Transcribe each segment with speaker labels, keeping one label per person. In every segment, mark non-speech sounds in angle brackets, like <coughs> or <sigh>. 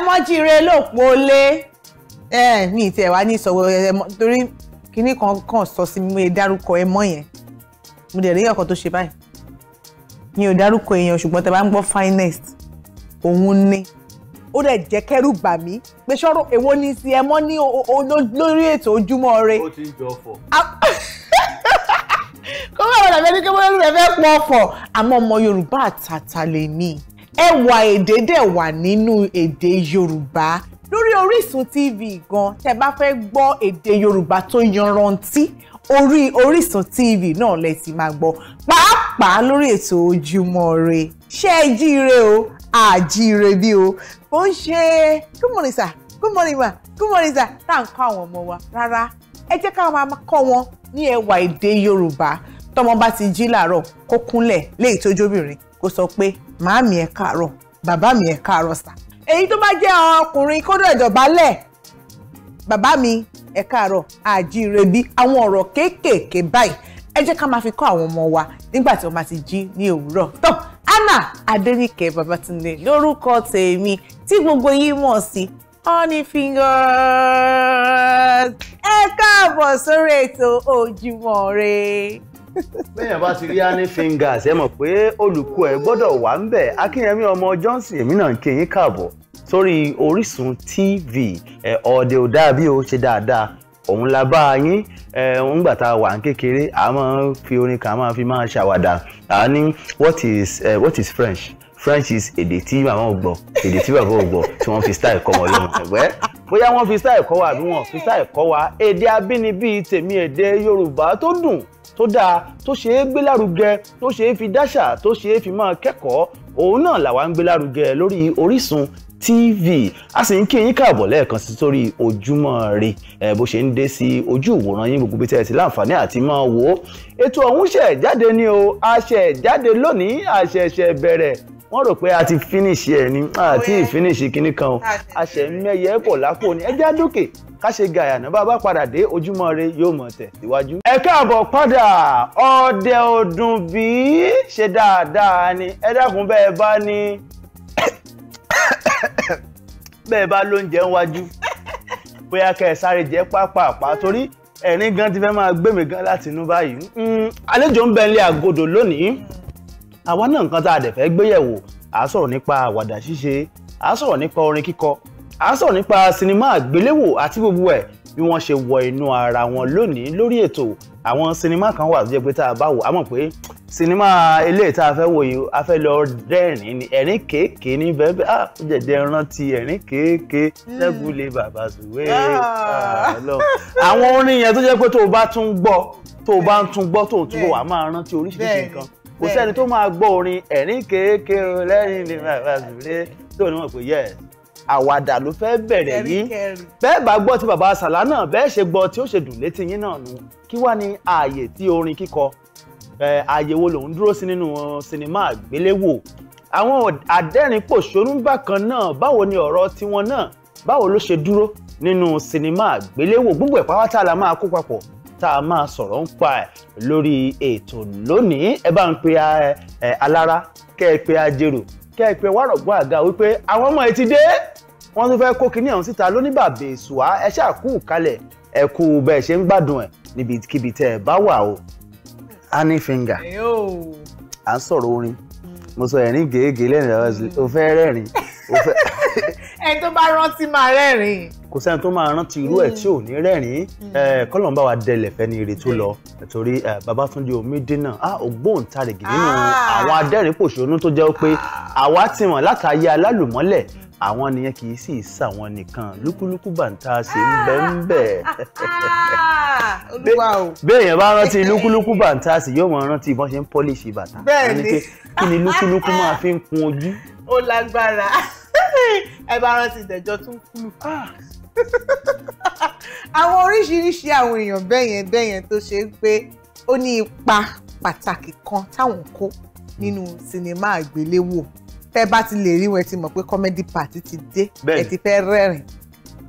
Speaker 1: ẹmọ́jire ló pọ́lé mi ìtẹ̀ wá ní ìsọ̀wọ́ ẹmọ torí kinní kan kàn sọ sí mi dárúkọ ẹmọ yẹn mo dẹ̀ rí ọkọ̀ tó ṣe báyìí mi ò dárúkọ èèyàn ṣùgbọ́n tẹ bá ń gbọ́ finest òun ni ó dẹ̀ jẹ́ kẹ́rù bà mí pé sọ́rọ̀ èwo ni sí ẹmọ́ ní lórí ètò ojúmọ́ rẹ. ó ti ń jọ <laughs> fọ kọ́mọ̀ ọ̀rọ̀ rẹ̀ ní kí wọ́n rẹ̀ fẹ́ pọ̀ ọ̀fọ̀ àmọ́ ọmọ Yorùbá àtàtà lè mí ẹwà èdè dẹ̀ wà nínú èdè yorùbá lórí orísun tv gan tẹ́ bá fẹ́ gbọ́ èdè yorùbá tó yanrantí orí orísun tv náà lẹ ti máa gbọ́ pàápàá lórí ètò ojúmọ́ ire ṣé ẹ jíire o àjíire bí o kò ń ṣe good morning sir good morning ma good morning sir tá à ń kọ́ àwọn ọmọ wa rárá ẹ jẹ́ ká máa kọ́ wọn ní ẹwà èdè yorùbá tọ́mọ bá ti jí làárọ̀ kó kúnlẹ̀ léyìí tó jóbìnrin kó sọ pé màámi ẹ̀ káàárọ̀ bàbá mi ẹ̀ káàárọ̀ sà èyí tó bá jẹ́ ọkùnrin kódà ìdọ̀bálẹ̀ bàbá mi ẹ̀ káàárọ̀ àjíire bí àwọn ọ̀rọ̀ kéékèèké báyìí ẹ jẹ́ ká máa fi kọ́ àwọn ọmọ wa nígbà tí wọ́n bá ti jí ní òwúrọ̀ tán Anna Adéníkẹ́ Babátúndé lórúkọ tèmi tí gbogbo mọ̀ sí honey fingers ẹ káàbọ̀ sórí ètò Ojúmọ́ bẹ́ẹ̀ bá ti rí honey
Speaker 2: fingers ẹ mọ̀ pé olùkọ́ ẹ gbọ́dọ̀ wà ń bẹ̀ akínyẹmí ọmọ johnson èmi náà ń kí yín káàbọ̀ sórí orísun tv ẹ ọ̀dẹ̀ ò dáa bí o ṣe dáadáa òun la bá a yín ẹ ń gbà tá a wà ń kékeré a máa fi orin kan a máa fi máa ṣàwàdà a ní what is uh, what is french french is èdè tí màmá ò gbọ́ èdè tí bàbá ò gbọ́ tí wọ́n fi style kọ́ wọn lóhùn ẹ̀gbẹ́ bóyá wọ́n fi style kọ́ wa àbí wọ́n fi style kọ́ wa èdè abínibí tèmi èdè yorùbá tó dùn tó dáa tó ṣe é gbé lárugẹ tó ṣe é fi dáṣà tó ṣe é fi máa kẹ́kọ̀ọ́ òun náà làwa ń gbé lórí Orísun TV a sì ń kí yín káàbọ̀ lẹ́ẹ̀kan sí sórí ojúmọ́ re ẹ bó ṣe ń dé sí ojú ìwòran yín gbogbo bí tẹ́ ẹ ti láǹfààní àti máa wò ó ètò ọ̀hún ṣẹ̀ jáde ni o a ṣẹ̀ jáde lónìí a ṣẹ̀ṣẹ̀ wọ́n rò pé a ti finish ẹ̀ ni àti oh, ìfinish kinní kan ah, a ṣẹ̀ ń mẹ́yẹ pọ̀ lápò ní ẹjẹ́ àdókè káṣe gàyà náà bá a bá padà dé ojúmọ́ ire yóò mọ̀ tẹ̀ síwájú. ẹ káàbọ̀ padà ọdẹ ọdún bí ṣe dáadáa ni ẹ dákun bẹ́ẹ̀ bá ní <coughs> bẹ́ẹ̀ bá lóúnjẹ wájú bóyá kẹ́ ẹ sáré jẹ́ pápápá hmm. torí ẹ̀rín gan ti fẹ́ máa gbé mi gan láti inú báyìí. Hmm. àlejò ń bẹ nílé àgọ́dọ̀ lónìí hmm àwa náà nǹkan tá a dẹ̀ fẹ́ gbéyẹ̀wò à á sọ̀rọ̀ nípa àwàdà ṣíṣe à á sọ̀rọ̀ nípa orin kíkọ à á sọ̀rọ̀ nípa sinimá àgbéléwò àti gbogbo ẹ̀ bí wọ́n ṣe wọ inú ara wọn lónìí lórí ètò àwọn sinimá kan wà tó jẹ́ pé tá a bá wò á mọ̀ pé sinimá eléyìí tá a fẹ́ wò yìí a fẹ́ lọ rẹ́rìn-ín ni ẹ̀rín kéèké ní bẹ́ẹ̀ á ah, jẹ̀jẹ̀ rántí ẹ̀rín kéèké lẹ́gùlé bàbá sùwé ah. Ah, àwọn orin yẹn tó jẹ́ pé tó o bá tún gbọ́ tó o bá ń tún gbọ́ tó o tún bọ̀ wá máa rántí oríṣiríṣi nǹkan kò sẹ́ni tó máa gbọ́ orin ẹ̀rín kéèké lẹ́yìn ní bàbá àzùlé tó ní wọn pé yẹ àwàdà ló fẹ́ bẹ̀rẹ̀ yìí bẹ́ẹ̀ bá gbọ́ ti bàbá àsàlá náà bẹ́ẹ̀ ṣe gbọ́ tí ó ṣe dùn létí yín náà nù kí wá ní ààyè tí orin kíkọ ààyè wo lòún dúró sí nínú sinimá àgbéléwò àwọn àdẹ́rìn pòṣónú bákan náà báwo ni ọ̀rọ̀ tiwọn náà báwo ló ṣe dúró nínú sinimá àgbéléwò gbogbo ẹ̀ pátá la máa kó papọ̀ tá a máa sọ̀rọ̀ ń pa ẹ̀ lórí ètò lónìí ẹ bá ń pe alára kẹ́ ẹ pe ajérò kẹ́ ẹ pe wárọ̀gbọ́n àga wípé àwọn ọmọ ẹ ti dé wọ́n tún fẹ́ kó kinní ọ̀hún síta lóníbàbè ìṣùwà ẹ ṣáà kalẹ̀ ẹ kú bẹ́ẹ̀ ṣe ń gbádùn ẹ̀ níbikíbi tẹ́ ẹ bá wà o. honey finger à ń sọ̀rọ̀ orin mo sọ ẹ̀rín gèégèé lẹ́rìn-ín o fẹ́ rẹ́rìn-ín o fẹ́
Speaker 1: ẹni tó bá rántí máa rẹ́rìn.
Speaker 2: kò sẹ́ni tó máa rántí irú ẹ̀ tí ò ní rẹ́rìn mm. kọ́lọ̀ ń bá wa dẹlẹ̀ fẹ́ ni ire tó mm. lọ torí Babátúndé Omídínà ògbóǹtarìgì nínú ah. àwọn adẹ́rìnpòṣónú tó jẹ́ pé ah. àwa ti mọ̀ látàyè alálùmọ́lẹ̀ àwọn nìyẹn kì í sì sà wọn nìkan lúkúlùkù bàǹtà ṣe ń bẹ ń bẹ. Ah. <laughs> béèyàn bá rántí lúkúlùkù bàǹtà sì yóò máa rántí bọ́n ṣe ń pọ́líṣì bàtà. bẹ́ẹ̀ ni kí ni lúkúlùkù máa fi ń kun ojú.
Speaker 1: ó lágbára ẹ bá rántí ìdẹ̀jọ́ tún kúlù. àwọn oríṣiríṣi àwọn èèyàn bẹ́yẹn bẹ́yẹn tó ṣe pé ó ní ipa pàtàkì kan táwọn kó nínú sinimá àgbéléwò tẹ́ bá ti lè rí wọn ẹ ti mọ̀ pé comedy party ti dé ẹ ti fẹ́ rẹ́rìn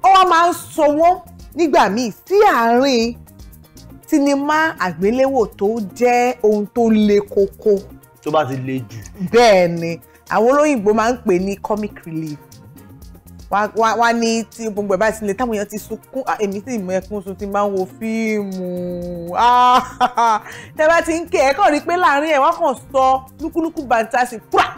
Speaker 1: ó wá máa ń sọ wọ́n nígbà míì sí àárín sinimá àgbéléwò tó jẹ́ ohun tó le koko. tó bá ti le jù. bẹ́ẹ̀ ni àwọn olóyìnbó máa ń pè ní comic relief wá ní tí gbogbo ẹ̀ bá ti lè táwọn èèyàn ti sunkún èmi tí ìmọ̀ ẹkún sun ti máa ń wo fíìmù <laughs> tẹ́ bá ti ń ké ẹ̀kọ́ rí pé láàrin ẹ̀ wọ́n kàn sọ lúkúlúkú bàǹtà sí púrà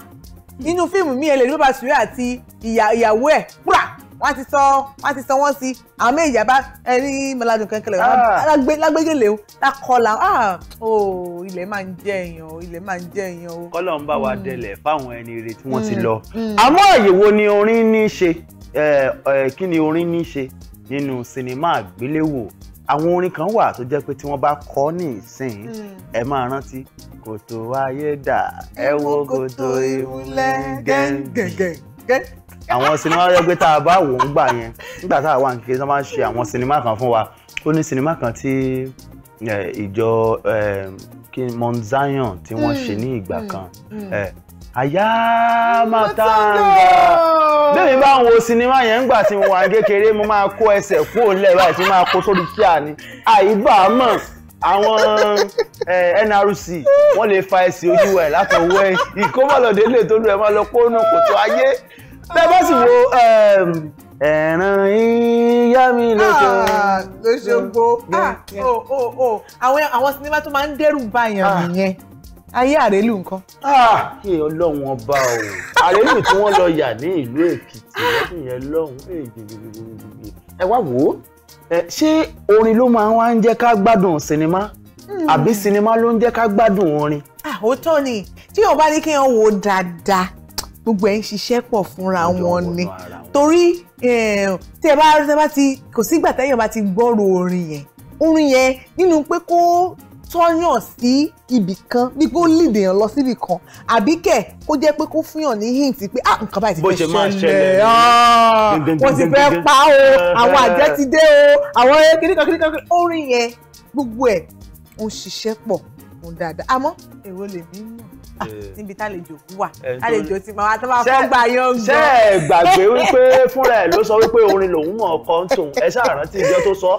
Speaker 1: nínú fíìmù mi ẹ lè rí bàbá sùúrù àti ìyàwó ẹ̀ púrà wọ́n ti sọ wọ́n ti sọ wọ́n sí àwọn méjì àbá ẹni mọ́ládùn kẹ́kẹ́lẹ́ ah. lágbégélé o lákọlà ah, o ilẹ̀ máa ń jẹ́ èèyàn o ilẹ̀ máa ń jẹ́ èèyàn o.
Speaker 2: kọ́lọ̀ ń bá wa hmm. dẹlẹ̀ fáwọn ẹni ire tí wọ́n ti hmm. lọ hmm. àmọ́ àyèwò ni orin ní í ṣe kí ni orin ní í ṣe nínú sinimá àgbéléwò àwọn orin kan wà tó jẹ́ pé tí wọ́n bá kọ ní ìsìn ẹ máa rántí kòtò ayé dà ẹ wo kòtò ìmúlẹ̀ gẹ́gẹ́gẹ́ àwọn sinimá rẹ́gbẹ́ tá a bá wò ń gbà yẹn nígbà tá a wà nkékeré tó máa ń ṣe àwọn sinimá kan fún wa ó ní sinimá kan tí ìjọ Mount Zion tí wọ́n ṣe ní ìgbà hmm, kan àyà hmm, hmm. máa tá a ń gbà bẹ́ẹ̀ bá ń wo sinimá yẹn ńgbà tí mo wà ní kékeré mo máa kó ẹsẹ̀ kúrò ńlẹ̀ báyìí tí mo máa kó sórí kíá ni àìbá mọ̀ àwọn NRC wọ́n lè fa ẹsẹ̀ ojú ẹ̀ látọwọ́ ẹ̀ ìkómọlọdẹ lè tó lu ẹ máa lọ kó nù kòtò ayé bẹ́ẹ̀ bá sì wo um,
Speaker 1: ẹ̀ràn ìyá mi lóṣogbo. Ah, lóṣogbo ah, àwọn sinimá tó máa ń dẹ́rù báyàn ah. nìyẹn ayé àrélù nǹkan.
Speaker 2: kí ọlọ́run ọba o àrélù tí wọ́n lọ yà ní ìlú èkìtì lọ́dún yẹn lọ́hùn-ún ẹ wá wò ó ṣé orin ló máa wá ń jẹ́ ká gbádùn sinimá hmm. àbí sinimá ló ń jẹ́ ká gbádùn orin.
Speaker 1: àhótọ́ ni tí yóò bá ní kí wọ́n wo dáadáa gbogbo ẹ̀ ń ṣiṣẹ́ pọ̀ fúnra wọn ni torí eh, tí ẹ bá tẹ bá ti kò sígbà tẹ́yàn bá ti gbọ́rọ̀ orin yẹn orin yẹn nínú pé kó tọ́yàn sí ibì kan bí pé ó lead èèyàn lọ síbì kan àbí kẹ̀ kó jẹ́ pé kó fúnyàn ní hint pé ah nǹkan báyìí ti fẹ́ ṣẹlẹ̀ ah, wọ́n ti fẹ́ pa o àwọn àjẹ́ ti dé o àwọn eh, kíníkan kíníkan orin yẹn gbogbo ẹ̀ ń ṣiṣẹ́ pọ̀ ó dáadáa àmọ́ èrò lèmi mọ̀ Ah, níbi tálejò wà tálejò ti máa wá tó máa fọ́ gbà yán gan. ṣé ẹ gbàgbé wípé fúnra
Speaker 2: ẹ ló sọ wípé orin lòun mọ̀ ọkọ ń tòun ẹ ṣáà rántí ìjọ tó sọ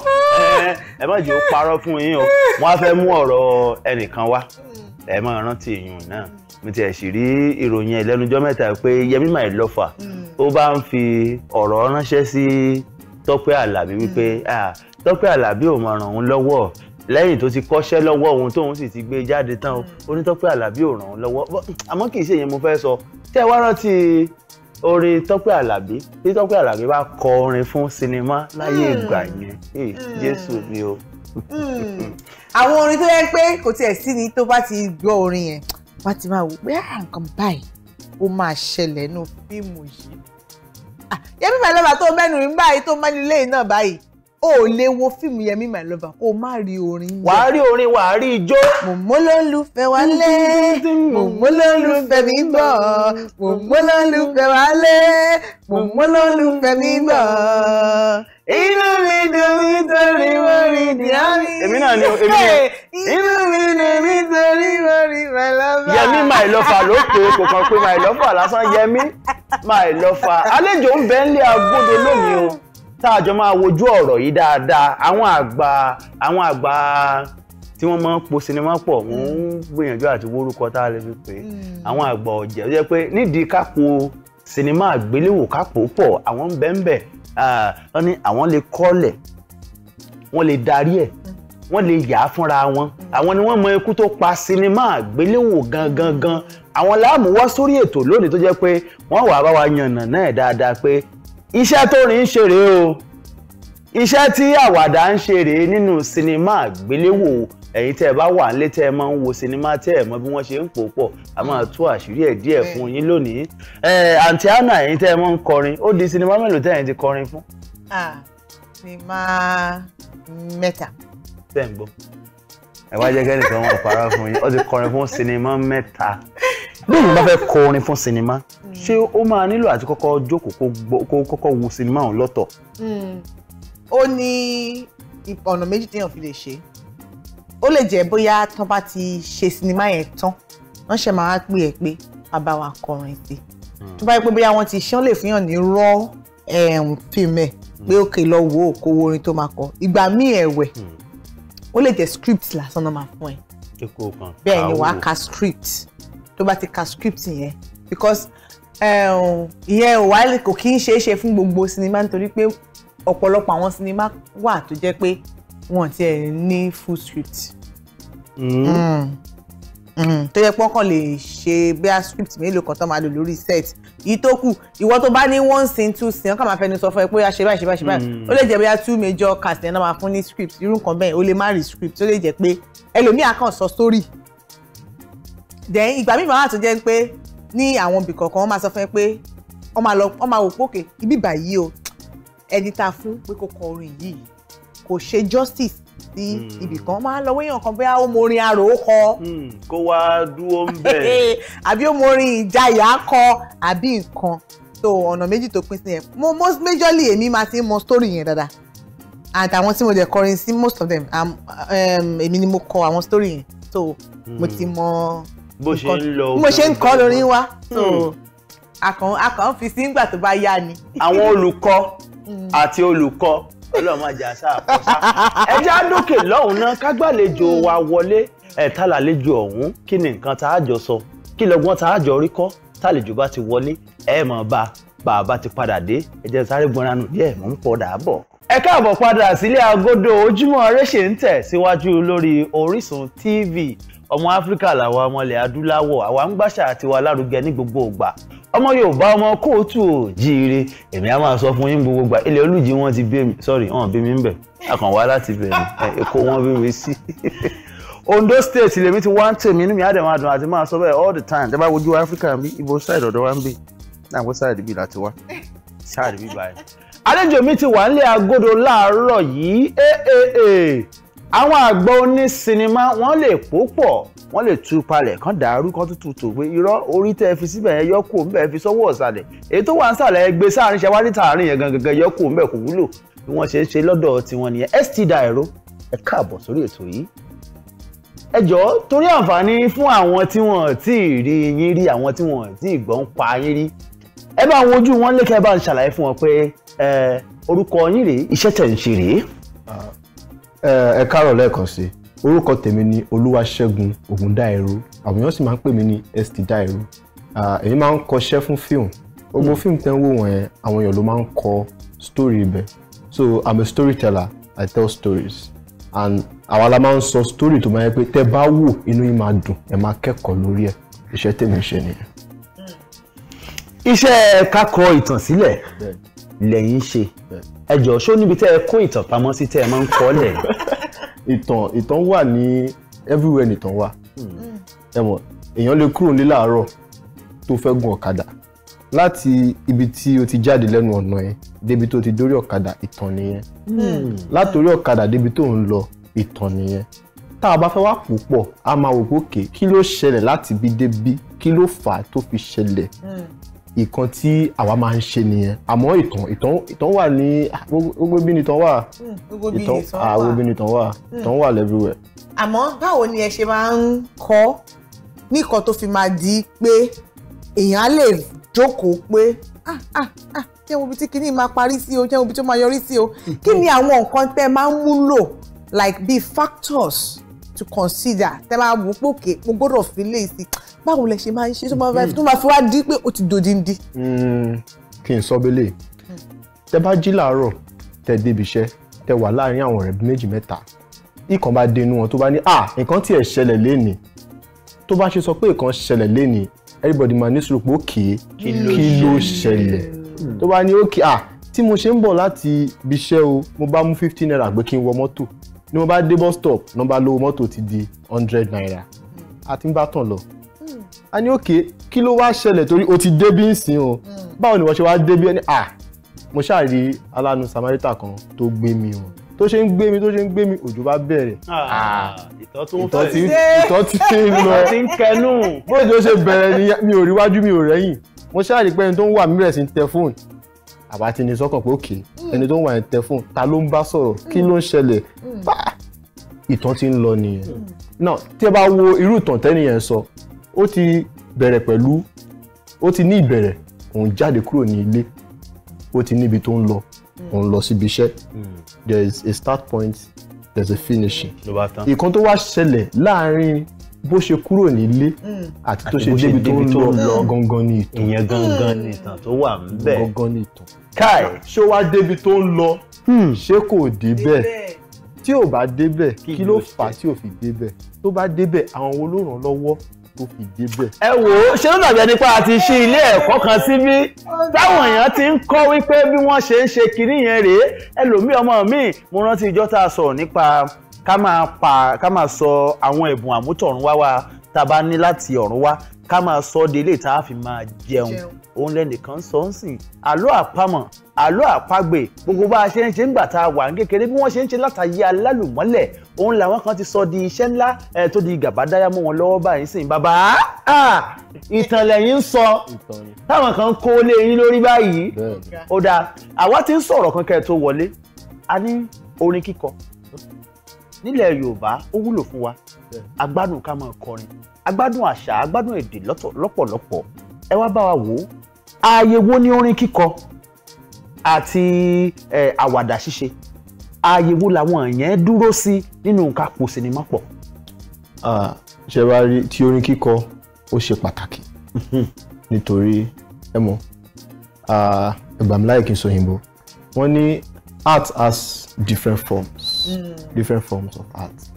Speaker 2: ẹ má jẹ́ ó parọ́ fún yín o wọ́n á fẹ́ mú ọ̀rọ̀ ẹnìkan wá ẹ máa rántí ìyún náà mo tiẹ̀ sì rí ìròyìn ẹlẹ́nujọ́ mẹ́ta pé Yẹmí Mailọ́fà hmm. ó bá ń fi ọ̀rọ̀ ránṣẹ́ sí Tọ́pẹ́ Àlàbí wípé Tọ́pẹ́ Àlàbí ò máa ràn òun lọ́wọ́ lẹ́yìn tó ti kọ́ṣẹ́ lọ́wọ́ òun tóun sì ti gbé jáde tán onítọ́pẹ́ àlàbí ò ràn án lọ́wọ́ àmọ́ kì í ṣe ìyẹn mo fẹ́ sọ tẹ́ ẹ wá rántí orin tọ́pẹ́ àlàbí tí tọ́pẹ́ àlàbí bá kọ orin fún sinimá láyé hmm. ìgbà yẹn ee hmm. jésù mi o.
Speaker 1: Hmm. àwọn orin tó yẹ pé kò tiẹ̀ sí ni tó bá ti gbọ́ orin yẹn wá ti máa wò pé à nǹkan báyìí ó máa ṣẹlẹ̀ nínú fíìmù yìí. Ah, yẹ́n bí màlúwà tó mẹ́nu rí báyìí tó mẹ́nu lẹ́yìn náà báyìí o ò lè wo fíìmù yẹmí my lover kó o má rí orin yẹn. wàá rí orin wàá rí ijó. mòmó ló ń lùfẹ́ wá lé mòmó ló ń lùfẹ́ mi bọ̀ mòmó ló ń lùfẹ́ wá lé mòmó ló ń lùfẹ́ mi bọ̀. inú mi dùn nítorí wọ́n rí ìdíyà mi. èmi náà ni èmi náà. inú mi dùn nítorí wọ́n rí my lover. yẹmí my lover ló pè é kò kàn pé my lover
Speaker 2: lásán yẹmí my lover àlejò ń bẹ́ńlẹ̀ agbódo lónìí o tá a jọ máa wojú ọ̀rọ̀ yìí dáadáa àwọn àgbà àwọn àgbà tí wọ́n máa ń po sinimá pọ̀ wọ́n ń gbìyànjú àti wórúkọ tá a lè fi pè é hmm. àwọn àgbà ọ̀jẹ̀ ó jẹ́ pé nídìí kápò sinimá àgbéléwò kápò pọ̀ àwọn bẹ́ẹ̀nbẹ́ẹ̀ wọ́n ní àwọn lè kọ́lẹ̀ wọ́n lè darí ẹ̀ wọ́n lè yà á fúnra wọn àwọn ni wọ́n mọ ikú tó pa sinimá àgbéléwò gangan gan àwọn láàmú wá sórí ètò lónìí tó jẹ́ pé wọ́n wàá bá wa yànnà náà dáadáa pé iṣẹ́ tó rìn ń ṣe o iṣẹ́ tí àwàdà ń ṣe rèé nínú sinimá àgbéléwò ẹ̀yin tẹ́ ẹ bá wà nílé tẹ́ ẹ máa ń wo sinimá tẹ́ ẹ mọ bí wọ́n ṣe ń pò pọ̀ a máa tú àṣírí ẹ̀ díẹ̀ fún yín lónìí àǹtí anna ẹ̀yin tẹ́ ẹ máa ń kọrin ó di sinimá mélòó tẹ́ ẹ̀yin ti kọrin fún.
Speaker 1: sinimá mẹ́ta.
Speaker 2: bẹ́ẹ̀ ń gbọ́ ẹ wá jẹ́ kẹ́nìkan wọn pàrọ̀ fún yín ó ti kọrin fún sinimá mẹ́ta <laughs> bí èèyàn bá fẹ́ kọ orin fún sinimá ṣé ó máa nílò àti kọ́kọ́ jókòó kó kọ́kọ́ wo sinimá ọ̀hún lọ́tọ̀.
Speaker 1: Hmm. ó ní ọ̀nà méjì téèyàn fi lè ṣe ó lè jẹ́ bóyá tán bá ti ṣe sinimá yẹn tán wọ́n ṣe máa pè é pé bàbá wa kọrin sí hmm. tó bá yẹ pé bóyá wọ́n ti ṣán lè fihàn ní raw ehm, film ẹ̀ hmm. pé òkè lọ wo òkò orin tó máa kọ ìgbà míì ẹ̀wẹ̀ ó lè jẹ́ script lásán náà máa fún ẹ bẹ́ẹ̀ ni wàá ka script tó bá ti ka script yẹn because eh, ìyẹn ò wá kò kí ń ṣeé ṣe fún gbogbo sinimá nítorí pé ọ̀pọ̀lọpọ̀ àwọn sinimá wà tó jẹ́ pé wọn tiẹ̀ ní full script. Mm-hmm. Mm. Mm. tó yẹ pọ́n kàn lè ṣe bí a script mélòó kan tó máa lò lórí set yìí tó kù ìwọ tó bá ní one scene two scene ọkàn máa fẹnu sọ fún ẹ pé a ṣe báyìí ṣe báyìí ṣe báyìí mm. ó lè jẹ́ bí a two major cast yẹn náà máa fún ní script irú nǹkan bẹ́ẹ̀ ó lè má rí script ó lè jẹ́ pé ẹlòmíà kàn sọ story then ìgbà míì máa tún jẹ́ pé ní àwọn ibì kọ̀ọ̀kan wọ́n máa sọ fún ẹ pé wọ́n máa wò pókè ibi báyìí o ẹni tá a fún pé kò kọ orin yìí kò ṣe justice sí hmm. ibì kan máa lọ wéyàn kan bóyá ó morin arò kọ. Hmm, kó wá dúró ń bẹ̀. <laughs> àbí ó morin ìjayà kọ àbí nǹkan so ọ̀nà méjì tó pín sí yẹn mo most majorly èmi máa ti ń mọ story yẹn dáadáa and àwọn tí mo dẹ̀ kọrin sí most of them um, èmi um, um, ni mo kọ àwọn story yẹn so mm. mo hmm. ti mọ
Speaker 3: bó ṣe ń lọ bó ṣe ń
Speaker 1: kọ́ lórí wa hmm. hmm. akàn akàn fi sí nígbà tó bá yá ni. àwọn olùkọ́
Speaker 2: hmm. àti olùkọ́ ọlọ́run máa jà sáà
Speaker 1: fọ́sá ẹjẹ́ á dókè náà
Speaker 2: kágbàlejò wa wọlé ẹ̀ta làlejò ọ̀hún kí ni nǹkan tá a jọ sọ kí lọ́gbọ́n tá a jọ rí kọ́ tàlejò bá ti wọlé ẹ̀ mọ̀ bá bàbá ti padà dé ẹjẹ́ sáré gbọ́nranù díẹ̀ mò ń pọ̀dà bọ̀. ẹ káàbọ̀ padà sílé agodo ojúmọ́ ire ṣe ń tẹ̀ síwájú lórí Orísun TV ọmọ áfíríkà làwa ọmọ ilẹ̀ adúláwọ̀ àwa ń gbàṣà àti wa lárugẹ ní gbogbo ògbà ọmọ yorùbá ọmọ kóòtù ò jíire èmi á máa sọ fún yín gbogbo gbà ilẹ̀ olùjì wọn ti bí mi sorry wọn bí mi ń bẹ̀ àkàn wá láti bẹ̀ ni èkó wọn bí mi sí ondo state lèmi ti wá ń tèmi inú mi á dẹ̀ máa dùn àti máa sọ bẹ́ẹ̀ all the time tẹ́ bá wojú áfíríkà mi ibo side ọ̀dọ̀ wa ń bì náà side bí láti wá side bí báyìí àlejò mi ti wà nílé agodo láàárọ̀ yìí àwọn àgbọ̀ oní sinimá wọ́n lè pò pọ̀ lè tú palẹ̀ kán dàrú kán tútù tò pé irọ́ orí tẹ́ fi síbẹ̀ yẹn yọ kó ńbẹ̀ fi sọ́wọ́ ọ̀sàlẹ̀ èyí tó wà ń sàlẹ̀ ẹgbẹ́ sáàrin ṣe wárí tààrin yẹn gangan yọ kó ńbẹ̀ kò wúlò bí wọ́n ṣe ń ṣe lọ́dọ̀ tiwọn nìyẹn ST Dairo ẹ káàbọ̀ sórí ètò yìí ẹ jọ̀ọ́ torí àǹfààní fún àwọn tí wọ́n tí ì rí yín rí àwọn tí wọ́n tí ì gbọ́n pa yín rí ẹ bá wọn ojú wọn lékẹ́ bá ń ṣàlàyé fún wọn pé
Speaker 4: orúkọ yín rèé iṣẹ́ tẹ̀ ń ṣe rèé. Ah, ẹ káàrọ̀ lẹ́ẹ̀kan sí orúkọ tèmi ni Olúwaṣẹ́gun Ògúndáìró àwọn èèyàn sì máa ń pè mí ní St Dáìró èyí máa ń kọṣẹ́ fún fíìmù gbogbo hmm. fíìmù tẹ́ ń wò wọ̀nyẹn àwọn èèyàn ló máa ń kọ story ibẹ̀ so I'm a storyteller I tell stories and àwa la máa ń sọ story tó máa yẹ pé tẹ́ bá wò inú yín máa dùn ẹ máa kẹ́kọ̀ọ́ lórí ẹ̀ iṣẹ́ tèmi ṣe nìyẹn. Hmm. iṣẹ́
Speaker 2: ká kọ ìtàn
Speaker 4: sílẹ̀ lẹ́yìn ṣe ẹ jọ̀ọ́ ṣó níbi tẹ́ ẹ kó ìtàn pamọ́ sí tẹ́ ẹ máa ń kọ́ lẹ̀. <laughs> ìtàn ìtàn wà ní everywhere nìtàn wà hmm. ẹ mọ̀ èèyàn lè kúrò nílé àárọ̀ tó fẹ́ gun ọ̀kadà láti ibi tí o ti jáde lẹ́nu ọ̀nà yẹn débi tó ti dórí ọ̀kadà ìtàn nìyẹn hmm. Hmm. látòrí ọ̀kadà débi tó ń lọ ìtàn nìyẹn tá a bá fẹ́ wá púpọ̀ a máa wò pókè kí ló ṣẹlẹ̀ láti bí dé kí ló fà á tó fi ṣẹlẹ̀ ìkan tí àwa máa ń ṣe nìyẹn àmọ́ ìtàn ìtàn ìtàn wà ní gbogbo ibi nìtàn hmm, wà gbogbo ibi nìtàn wà hmm. ìtàn wà everywhere.
Speaker 1: àmọ́ báwo ni ẹ ṣe máa ń kọ́ nìkan tó fi máa di pé èèyàn á lè jókòó pé ah ah ah jẹ́ wo ibi tí kinní máa parí sí o jẹ́ wo ibi tí ó máa yọrí sí o kí ni àwọn nǹkan tẹ́ máa ń múlò like bíi factors to consider tẹ́ bá wò ó pòkè mo gbọ́dọ̀ fi lè e sí báwo lẹ ṣe máa ń ṣe tó máa fi wá di pé o ti dòdìndì.
Speaker 4: Hmm, kí n sọ bẹ́lẹ̀ tẹ́ bá jí làárọ̀ tẹ́ débi iṣẹ́ tẹ́ wà láàrin àwọn ọ̀rẹ́ méjì mẹ́ta ìkan bá dénú wọn tó bá ní à ah, nǹkan tiẹ̀ ṣẹlẹ̀ lénìí tó bá ṣe sọ pé nǹkan ṣẹlẹ̀ lénìí everybody máa ní sùúrù pé òkè kí ló ṣẹlẹ̀ hmm. tó bá ní òkè à ah, tí mo ṣe ń bọ̀ láti ibiṣẹ́ o mo bá mú fifteen naira gbé kí n wọ mọ́tò ni mo bá dé bus stop nọ́mbà lówó mọ́tò ti di hundred naira àti ń bá tàn lọ a ní òkè kí ló wá ṣẹlẹ̀ torí o ti débí nsìn o báwo ni wọ́n ṣe wá débí ẹni à mo ṣáà rí aláàánú samarita kan tó gbé mi o tó ṣe ń gbé mi tó ṣe ń gbé mi òjò bá bẹ̀rẹ̀.
Speaker 3: ìtọ́ tó
Speaker 2: ń fẹ́
Speaker 4: ìtọ́ ti ń lọ ìtọ́ ti ń kẹnu. bó ṣe bẹ̀rẹ̀ ni mi ò rí wájú mi ò rẹ́yìn mo ṣáà rí pé ẹni tó ń wà mí rẹ̀ sí tẹ fóònù àbá ti ní sọ́kàn pé òkè ẹni tó ń wà ní tẹfún ta ló ń bá sọ̀rọ̀ kí ló ń ṣẹlẹ̀ mm. bá ìtàn ti ń lọ nìyẹn mm. náà tí ẹ bá wo irú ìtàn tẹ́nìyẹn sọ ó ti bẹ̀rẹ̀ pẹ̀lú ó ti ní ìbẹ̀rẹ̀ òun jáde kúrò ní ilé ó ti níbi tó ń lọ mm. òun lọ síbi iṣẹ́ there is a start point there is a finishing ìkan tó wá ṣẹlẹ̀ láàárín bó ṣe kúrò nílé hmm. àti tó ṣe débi tó ń lọ gangan ní ìtàn ìyẹn gangan ní ìtàn tó wà ńbẹ̀ gangan ní ìtàn káì ṣé wàá débi tó ń lọ ṣé kò débẹ̀ tí ò bá débẹ̀ kí ló fà á tí ò fi débẹ̀ tó bá débẹ̀ àwọn wo ló ràn lọ́wọ́ tó fi débẹ̀. ẹ wò ó ṣe ló dàbí ẹni pé a ti ṣí ilé ẹ̀kọ́ kan síbí táwọn èèyàn ti ń kọ́ wípé bí wọ́n ṣe ń
Speaker 2: ṣe kinní yẹn rèé ẹlòmíì ọmọ mi mo rántí ìjọ tá a sọ̀rọ̀ nípa ká máa pa ká máa sọ àwọn ẹ̀bùn àmútọ̀run wá wa tá a bá ní láti ọ̀run wá ká máa sọ ọ́ délé tá a fi máa jẹun òun lẹ́nìkan sọ ń sìn àlọ́ àpamọ̀ àlọ́ àpagbè gbogbo bá a ṣe ń ṣe ńgbà tá a wà ń kékeré bí wọ́n ṣe ń ṣe látàyè alálùmọ́lẹ̀ òun làwọn kan ti sọ di iṣẹ́ ńlá ẹ̀ tó di gàbádáyà mọ́ wọn lọ́wọ́ báyìí sìn bàbá ìtàn lẹ́yìn ń sọ táwọn kan kó lé yín lórí báyìí ó dáa àwa ti ń sọ̀rọ̀ kan kẹ́ tó wọlé a ní orin kíkọ nílẹ̀ yorùbá ó wúlò fún wa agbádùn ká máa kọrin agbádùn àṣà agbádùn èdè lọ́pọ̀lọpọ̀ ẹ wá bá wa wò ó ààyè wo ni orin kíkọ àti àwàdà ṣíṣe ààyè wo làwọn yẹn dúró sí nínú nǹkan pò sinimá pọ̀.
Speaker 4: ṣe wá rí tí orin kíkọ ó ṣe pàtàkì <laughs> nítorí ẹ mọ̀ ẹgbàmíláyè kì í sọ òyìnbó wọ́n ní art has different forms mm. different forms of art mm.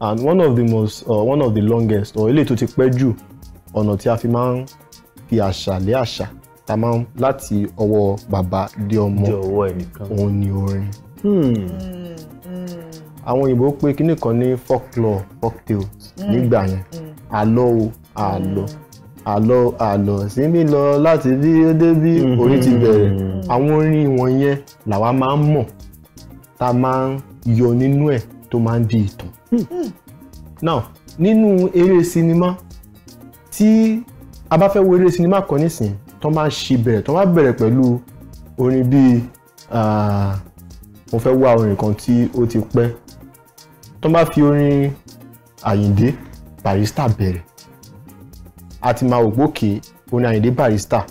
Speaker 4: and one of the most uh, one of the longest or eléyìí tó ti pẹ́ jù ọ̀nà tí a fi máa ń fi àṣà lé àṣà ta máa ń láti ọwọ́ bàbá dé ọmọ òun ni orin. Hmm. Hmm. àwọn òyìnbó pé kíní kan ní folklore folktales hmm. nígbà yẹn àlọ́ o àlọ́ àlọ́ àlọ́ síbí lọ láti bí ó orí ti bẹ̀rẹ̀ àwọn orin wọ̀nyẹn làwa máa ń mọ̀ tá a máa ń yọ nínú ẹ̀ tó máa ń di ìtàn. Hmm. now nínú eré sinimá tí a bá fẹ́ wo eré sinimá kan nísìn tó máa ń ṣe bẹ̀rẹ̀ tó máa bẹ̀rẹ̀ pẹ̀lú orin bíi mo fẹ́ wá orin kan tí ó ti pẹ́ tó bá fi orin Àyìndé Barrister bẹ̀rẹ̀ a ti máa wò gbókè orin Àyìndé Barrister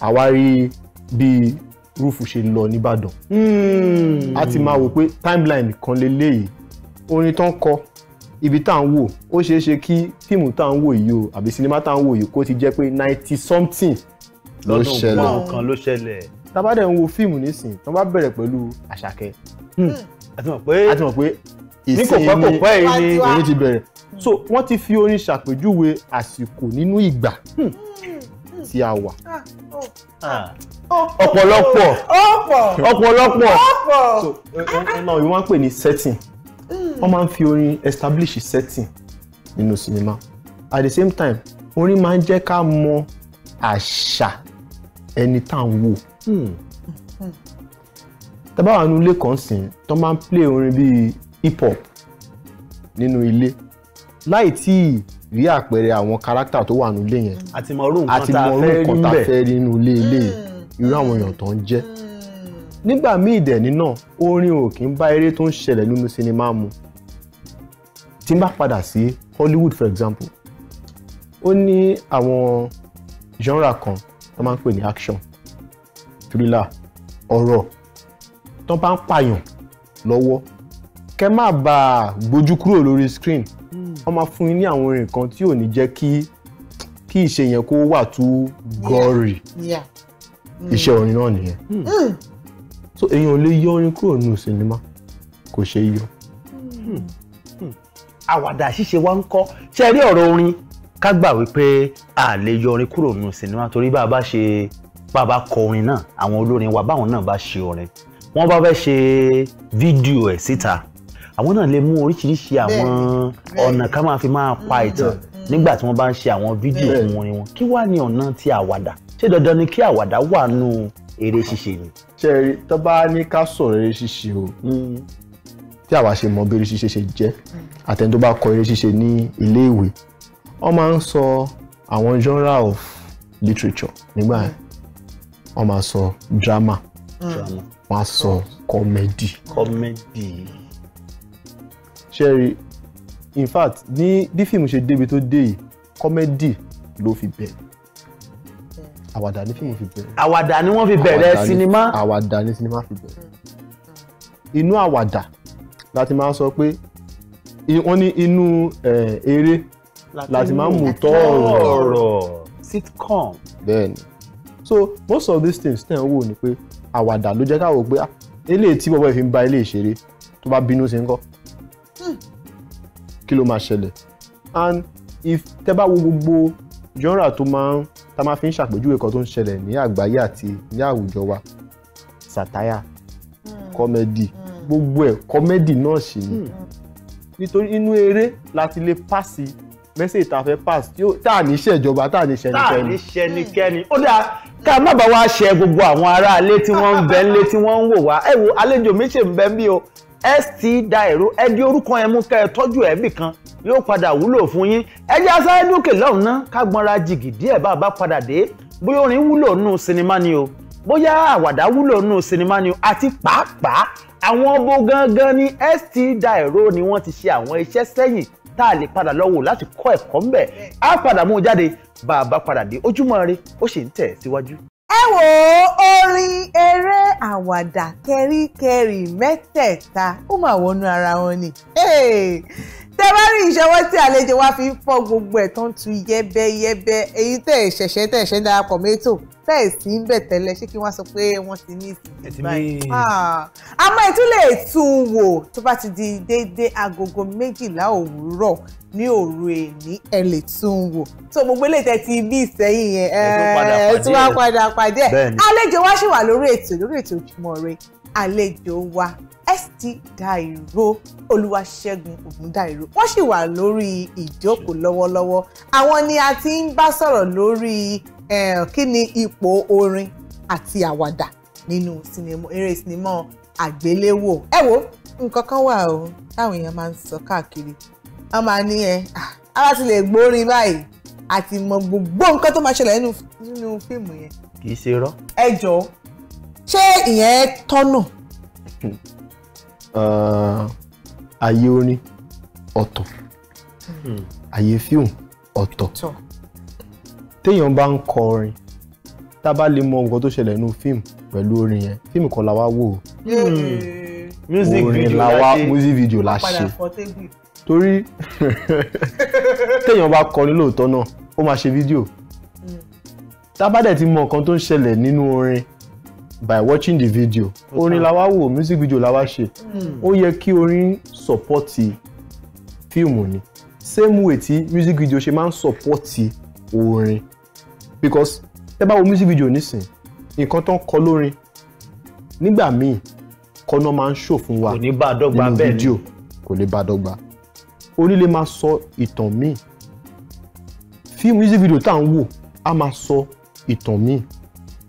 Speaker 4: àwárí bíi rúfù ṣe lọ nìbàdàn hmm. a ti máa wò pé timeline kan leléyìí orin tán kọ ibi tá à ń wò ó ṣeé ṣe kí fíìmù tá à ń wò yìí o àbí sinimá tá à ń wò yìí kó ti jẹ́ pé ninety something ló ṣẹlẹ̀ kan ló ṣẹlẹ̀. tábàdẹ̀ ń wo fíìmù nísìnyí tó bá bẹ̀rẹ̀ pẹ̀lú àṣàkẹ́ àti hmm. hmm. mọ̀ pé àti mọ̀ pé kò pẹ́ ní orin ti bẹ̀rẹ̀ so wọ́n ti fi orin ṣàpèjúwe àsìkò nínú ìgbà
Speaker 3: tí a wà ah, oh. ah. Ah. ọ̀pọ̀lọpọ̀ ọ̀pọ̀lọpọ̀
Speaker 4: ọ̀nà ìwọ́n ń pè ní setting hmm. wọ́n máa ń fi orin establish setting nínú sinimá at the same time orin máa ń jẹ́ ká mọ àṣà ẹni tá à ń wò hmm. tá wà nínú ilé kan sìn tó máa ń play orin bíi hip hop nínú ilé láì tíì rí àpẹẹrẹ àwọn kárátà tó wà nílé yẹn àti mọ orúkọ tá a fẹ́ rí nínú ilé ilé mm. irú àwọn èèyàn tó ń jẹ́ mm. nígbà míì dẹ̀ni náà orin ò kí ń bá eré tó ń ṣẹlẹ̀ nínú sinimá mu tí n bá padà sí Hollywood for example ó ní àwọn genre kan tó máa ń pè ní action thriller ọ̀rọ̀ tó bá ń pààyàn lọ́wọ́ kẹ́ má bàa gbójú kúrò lórí screen. Mm wọ́n máa fún yín ní àwọn orin kan tí ò ní jẹ́ kí kí ìṣe yẹn kó wà tú gọ́ọ̀rì mm. iṣẹ́ orin náà nìyẹn mm. so èèyàn ò lè yọ orin kúrò nínú sinimá kò ṣeé yọ.
Speaker 3: Mm. Hmm.
Speaker 2: àwàdà ṣíṣe wa ń kọ́ ṣe rí ọ̀rọ̀
Speaker 4: orin ká gbà wípé a lè yọ orin kúrò
Speaker 2: nínú sinimá torí bá a bá ṣe bá a bá kọ orin náà àwọn olórin wa báwọn náà bá ṣe orin wọ́n bá fẹ́ ṣe fídíò ẹ̀ síta. Mm àwọn náà lè mú oríṣiríṣi àwọn ọ̀nà ká máa fi máa pa mm. ìtàn nígbà tí wọ́n bá ń ṣe àwọn fídíò fún orin wọn kí wá ní ọ̀nà
Speaker 4: ti àwàdà ṣé dandan ni kí àwàdà wà nù eré ṣíṣe ni. ṣe rí tó bá ní ká sọ̀rọ̀ eré ṣíṣe o mm. tí àwa ṣe mọ̀ bí eré ṣíṣe ṣe jẹ́ mm. àtẹni tó bá kọ́ eré ṣíṣe ní ilé wọ́n máa ń sọ àwọn genre of literature nígbà yẹn wọ́n máa sọ drama wọ́n á sọ comedy. comedy ṣẹ́rí in fact ní bí fíìmù ṣe débi tó dé yìí kọ́mẹ́dì ló fi bẹ̀rẹ̀ àwàdà ni fíìmù fi bẹ̀rẹ̀. àwàdà ni wọ́n fi bẹ̀rẹ̀ sinimá. àwàdà ni sinimá fi bẹ̀rẹ̀. inú àwàdà láti máa sọ pé wọ́n ní inú eré láti máa mú tọ́ sitcom. bẹ́ẹ̀ni so most of these things tẹ̀ ń wò ni pé àwàdà ló jẹ́ ká wò pé ah, eléyìí tí bọ́bọ́ yìí fi ń ba eléyìí ṣeré tó bá bínú sí ń kọ́ kí ló máa ṣẹlẹ̀ and if tẹ́ bá wo gbogbo genre tó máa ń tá máa fi ń ṣàpèjúwe kan tó ń ṣẹlẹ̀ ní àgbáyé àti ní àwùjọ wa satire hmm. comedy hmm. gbogbo ẹ̀ comedy náà sì ni hmm. nítorí inú eré láti lè pàṣẹ mẹ́sẹ̀jì tá a fẹ́ pass tá a ní ṣèjọba tá a ní ṣẹnikẹ́ni. tá a ní
Speaker 2: ṣẹnikẹ́ni
Speaker 4: ó dáa ká má bàa wá ṣe gbogbo àwọn aráalé tí wọ́n ń bẹ tí wọ́n ń wò
Speaker 2: wá ẹ wo àlejò méjì ń bẹ ń bí o st dairo ẹ di orúkọ yẹn mú kẹ ẹ tọ́jú ẹ bì kan yóò padà wúlò fún yín ẹ jẹ́ asáré dúkè lọ́hùn ná ká gbọ́nra jìgì díẹ̀ bá a bá padà dé bóyá orin wúlò nù sinimá ni o bóyá àwàdà wúlò nù sinimá ni o àti pàápàá àwọn ọbọ gangan ni st dairo ni wọ́n ti ṣe àwọn iṣẹ́ sẹ́yìn tá a lè padà lọ láti kọ́ ẹ̀kọ́ ńbẹ̀ á padà mú jáde bá a bá padà dé ojúmọ́ ire ó sì ń tẹ̀ síwájú
Speaker 1: ẹ wò ó orin eré àwàdà kẹríkẹrí mẹ́tẹ̀ẹ̀ta ó mà wọnú ara wọn ni. Hey! tẹ bá rí ìṣọwọ́ tí àlejò wa fi ń fọ gbogbo ẹ̀ tó ń tu yẹ́bẹ́yẹ́bẹ́ èyí tẹ̀ ṣẹ̀ṣẹ̀ tẹ̀ ṣẹ̀ ń darapọ̀ mẹ́tò tẹ̀ sí ń bẹ̀ tẹ́lẹ̀ ṣé kí wọ́n sọ pé wọ́n ti ní ìsìn báyìí. àmọ́ ah, ètò lè tún wò tó bá ti di déédéé agogo méjìlá òwúrọ̀ ní òru èní ẹ lè tún wò tó gbogbo eléyìí tẹ ti bí ìsẹ́yìn yẹn ẹ tún wá padà pàdé àlejò wa ṣì wà lórí ètò lórí ètò Ojúmọ́ Ire àlejò wa st dairo olúwaṣẹ́gun ògúndáìró wọ́n sì wà lórí ìjókòó lọ́wọ́lọ́wọ́ àwọn ni a ti ń bá sọ̀rọ̀ lórí eh, kí ni ipò orin àti àwàdà nínú eré sinimá àgbéléwò ẹ wo nǹkan kan wà o táwọn èèyàn máa ń sọ káàkiri wọ́n máa ní ẹ eh, ah, a bá ti lè gbórin báyìí àti mọ gbogbo nǹkan tó máa ṣẹlẹ̀ nínú fíìmù yẹn. kì í ṣe irọ́. ẹ jọ̀ọ́ ṣé ìyẹn tọ́nà.
Speaker 4: ayé orin ọ̀tọ̀ hmm. ayé fíìmù ọ̀tọ̀ téèyàn bá ń kọ orin tá a bá lè mọ nǹkan tó ṣẹlẹ̀ nínú fíìmù pẹ̀lú orin yẹn fíìmù kan la wá wò ó hmm. orin la wá music video la ṣe torí <laughs> téèyàn bá kọrin lóòótọ́ náà ó máa ṣe fídíò hmm. tá a bá dẹ̀ ti mọ nǹkan tó ń ṣẹlẹ̀ nínú orin by watching the video orin la wá wò music video la wá ṣe hmm. ó yẹ kí orin sọpọ́tì fíìmù ni same way tí music video ṣe máa ń sọpọ́tì orin because tẹ́ bá wo music video nísìn nǹkan tó ń kọ lórin nígbà míì kọ́nà máa ń ṣò fún wa nínú fídíò kò lè bá dọ́gba orin lè máa sọ ìtàn míì fíìmù music video tá à ń wò á máa sọ ìtàn míì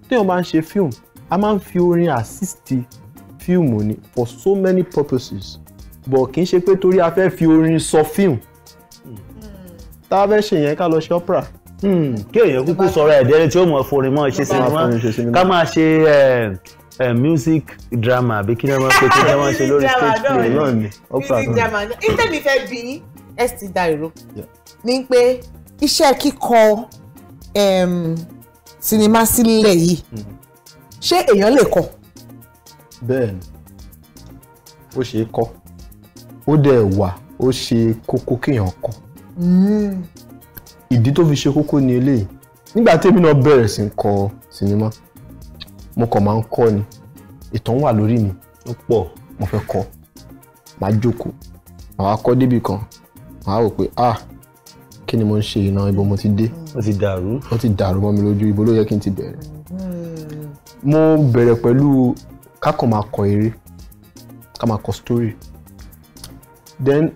Speaker 4: téèyàn bá ń ṣe fíìmù a máa ń fi orin assist fíìmù ni for so many purposes but kì í ṣe pé torí a fẹ́ fi orin sọ fíìmù hmm. tá a fẹ́ ṣe yẹn ká lọ ṣe opera. Hmm. kí èèyàn kúkú sọ̀rọ̀
Speaker 2: ẹ̀dẹ́rẹ́ tí ó mọ̀ forin mọ́ ṣe sinimá ká máa ṣe eh, eh, music drama àbí kí ni wọ́n pe kí ni wọ́n ṣe lórí stage play náà ni opera náà. music drama
Speaker 1: náà ìtẹ̀mí fẹ́ bí ẹ sì da ìró ni pé iṣẹ́ kíkọ sinimá sílẹ̀ yìí hmm ṣé èèyàn lè kọ.
Speaker 4: bẹ́ẹ̀ni ó ṣe é kọ ó dẹ̀ wà ó ṣe kókó kéèyàn kọ hmm. ìdí tó fi ṣe kókó ni eléyìí nígbà tèmi náà bẹ̀rẹ̀ sí kọ sinimá mo kàn máa ń kọ ni ìtàn wà lórí mi ó pọ̀ mo fẹ́ kọ màá jókòó màá kọ débi kan màá wò pé ah kí ni mo ń ṣe iná ibo mo ti dé ó ti dàrú ó ti dàrú mọ́ mi lójú ibo ló yẹ kí n ti bẹ̀rẹ̀ mo bẹ̀rẹ̀ pẹ̀lú kákan máa kọ eré ká máa kọ story then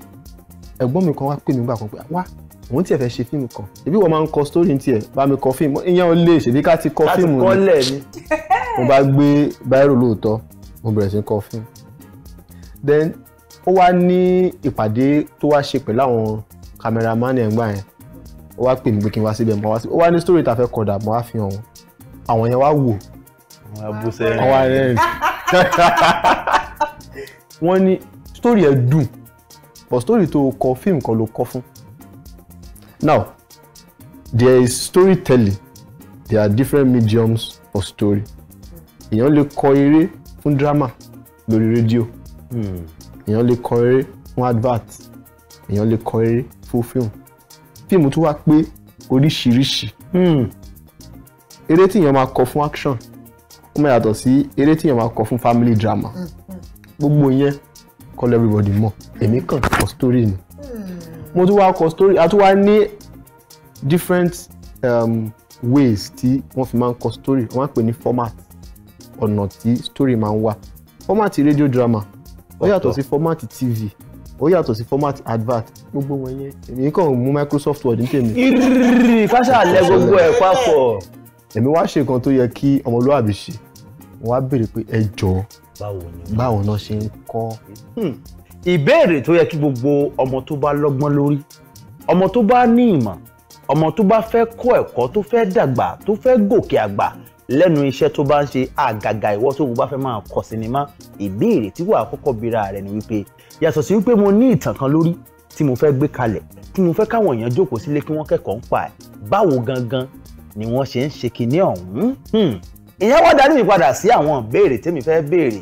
Speaker 4: ẹ̀gbọ́n mi kan wá pè mí gbà kan pé wá òun tiẹ̀ fẹ́ ṣe fíìmù kan ẹbí wọ́n máa ń kọ story ní tiẹ̀ bá mi kọ fíìmù ìyẹn ò lè ṣèbí ká ti kọ fíìmù ni mo bá gbé báírò lóòótọ́ mo bẹ̀rẹ̀ sí kọ fíìmù then ó wá ní ìpàdé tó wá ṣe pẹ̀lú àwọn kámẹ́rámánì ẹ̀gbá yẹn ó wá pè mí pé kí n wá síbẹ̀ mo wá síbẹ̀ ó wá ní story tá a fẹ́ kọ̀dà mo wá fi hàn wọn àwọn yẹn wá wò abú sẹ́yìn. ọwọ́ rẹ̀ <laughs> wọ́n ní story ẹ̀ dùn but story tó kọ fíìmù kan ló kọ fún. now there is storytelling there are different mediums of story èèyàn lè kọ eré fún drama lórí rédíò hmm. èèyàn lè kọ eré fún advert èèyàn lè kọ eré fún fíìmù fíìmù tó wá pé oríṣiríṣi hmm. eré tí èèyàn máa kọ fún action ó máa yàtọ̀ sí eré tí yẹn máa kọ fún family drama mm, mm. gbogbo yẹn kọ́ lọ everybody mọ̀ èmi kàn kọ story ni mm. mo tún wá kọ story a tún wá ní different um, ways tí wọ́n fi máa ń kọ story wọ́n á pè ní format ọ̀nà tí story máa ń wà format radio drama ó yàtọ̀ sí format tv ó yàtọ̀ sí format advert gbogbo wọn yẹn èmi kàn mú microsoft word ní tèmi. iriri káṣá lẹ gbogbo ẹ̀ papọ̀. èmi wá ṣe nǹkan tó yẹ kí ọmọlúwàbí ṣe wọ́n á béèrè pé ẹ jọ báwo náà ṣe ń kọ́.
Speaker 2: Hmm. ìbéèrè tó yẹ kí gbogbo ọmọ tó bá lọ́gbọ́n lórí ọmọ tó bá ní ìmọ̀ ọmọ tó bá fẹ́ kọ́ ẹ̀kọ́ tó fẹ́ dàgbà tó fẹ́ gòkè àgbà lẹ́nu iṣẹ́ tó bá ń ṣe àgàgà ìwọ tó bá fẹ́ máa kọ́ sinimá ìbéèrè tí wàá kọ́kọ́ bira rẹ̀ ni wípé yàtọ̀ sí wípé mo ní ìtàn kan lórí tí mo fẹ́ gbé kalẹ̀ tí mo fẹ́ káwọn èèyàn jókòó sílé kí wọ́n kẹ́kọ̀ọ́ ń pa ẹ̀ báwo gangan ni wọ́n ṣe ń ṣe kinní ọ̀hún hmm ìyẹn wá darí mi padà sí àwọn ìbéèrè tẹ́mi fẹ́ béèrè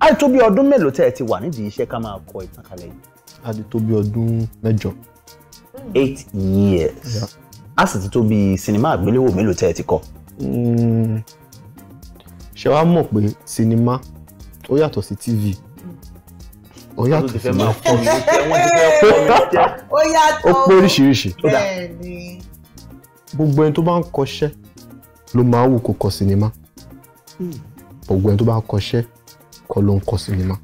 Speaker 2: á tó bí ọdún mélòó tẹ́ ẹ ti wà nídìí iṣẹ́ ká máa kọ ìtànkálẹ̀ yìí.
Speaker 4: á ti tó bí ọdún mẹ́jọ.
Speaker 2: eight years á sì ti tó bí sinimá àgbéléwò mélòó tẹ́ ẹ ti
Speaker 4: kọ. Hmm. ṣé wàá mọ̀ pé sinimá ó yàtọ̀ sí tv ó yàtọ̀ sí tv ó yàtọ̀
Speaker 1: ó pé oríṣiríṣi
Speaker 4: gbogbo ẹni tó bá ń kọṣẹ́ ló máa wù kó kọ sinimá ògùn ẹni tó bá kọṣẹ́ kọ́ ló ń kọ́ sinimá.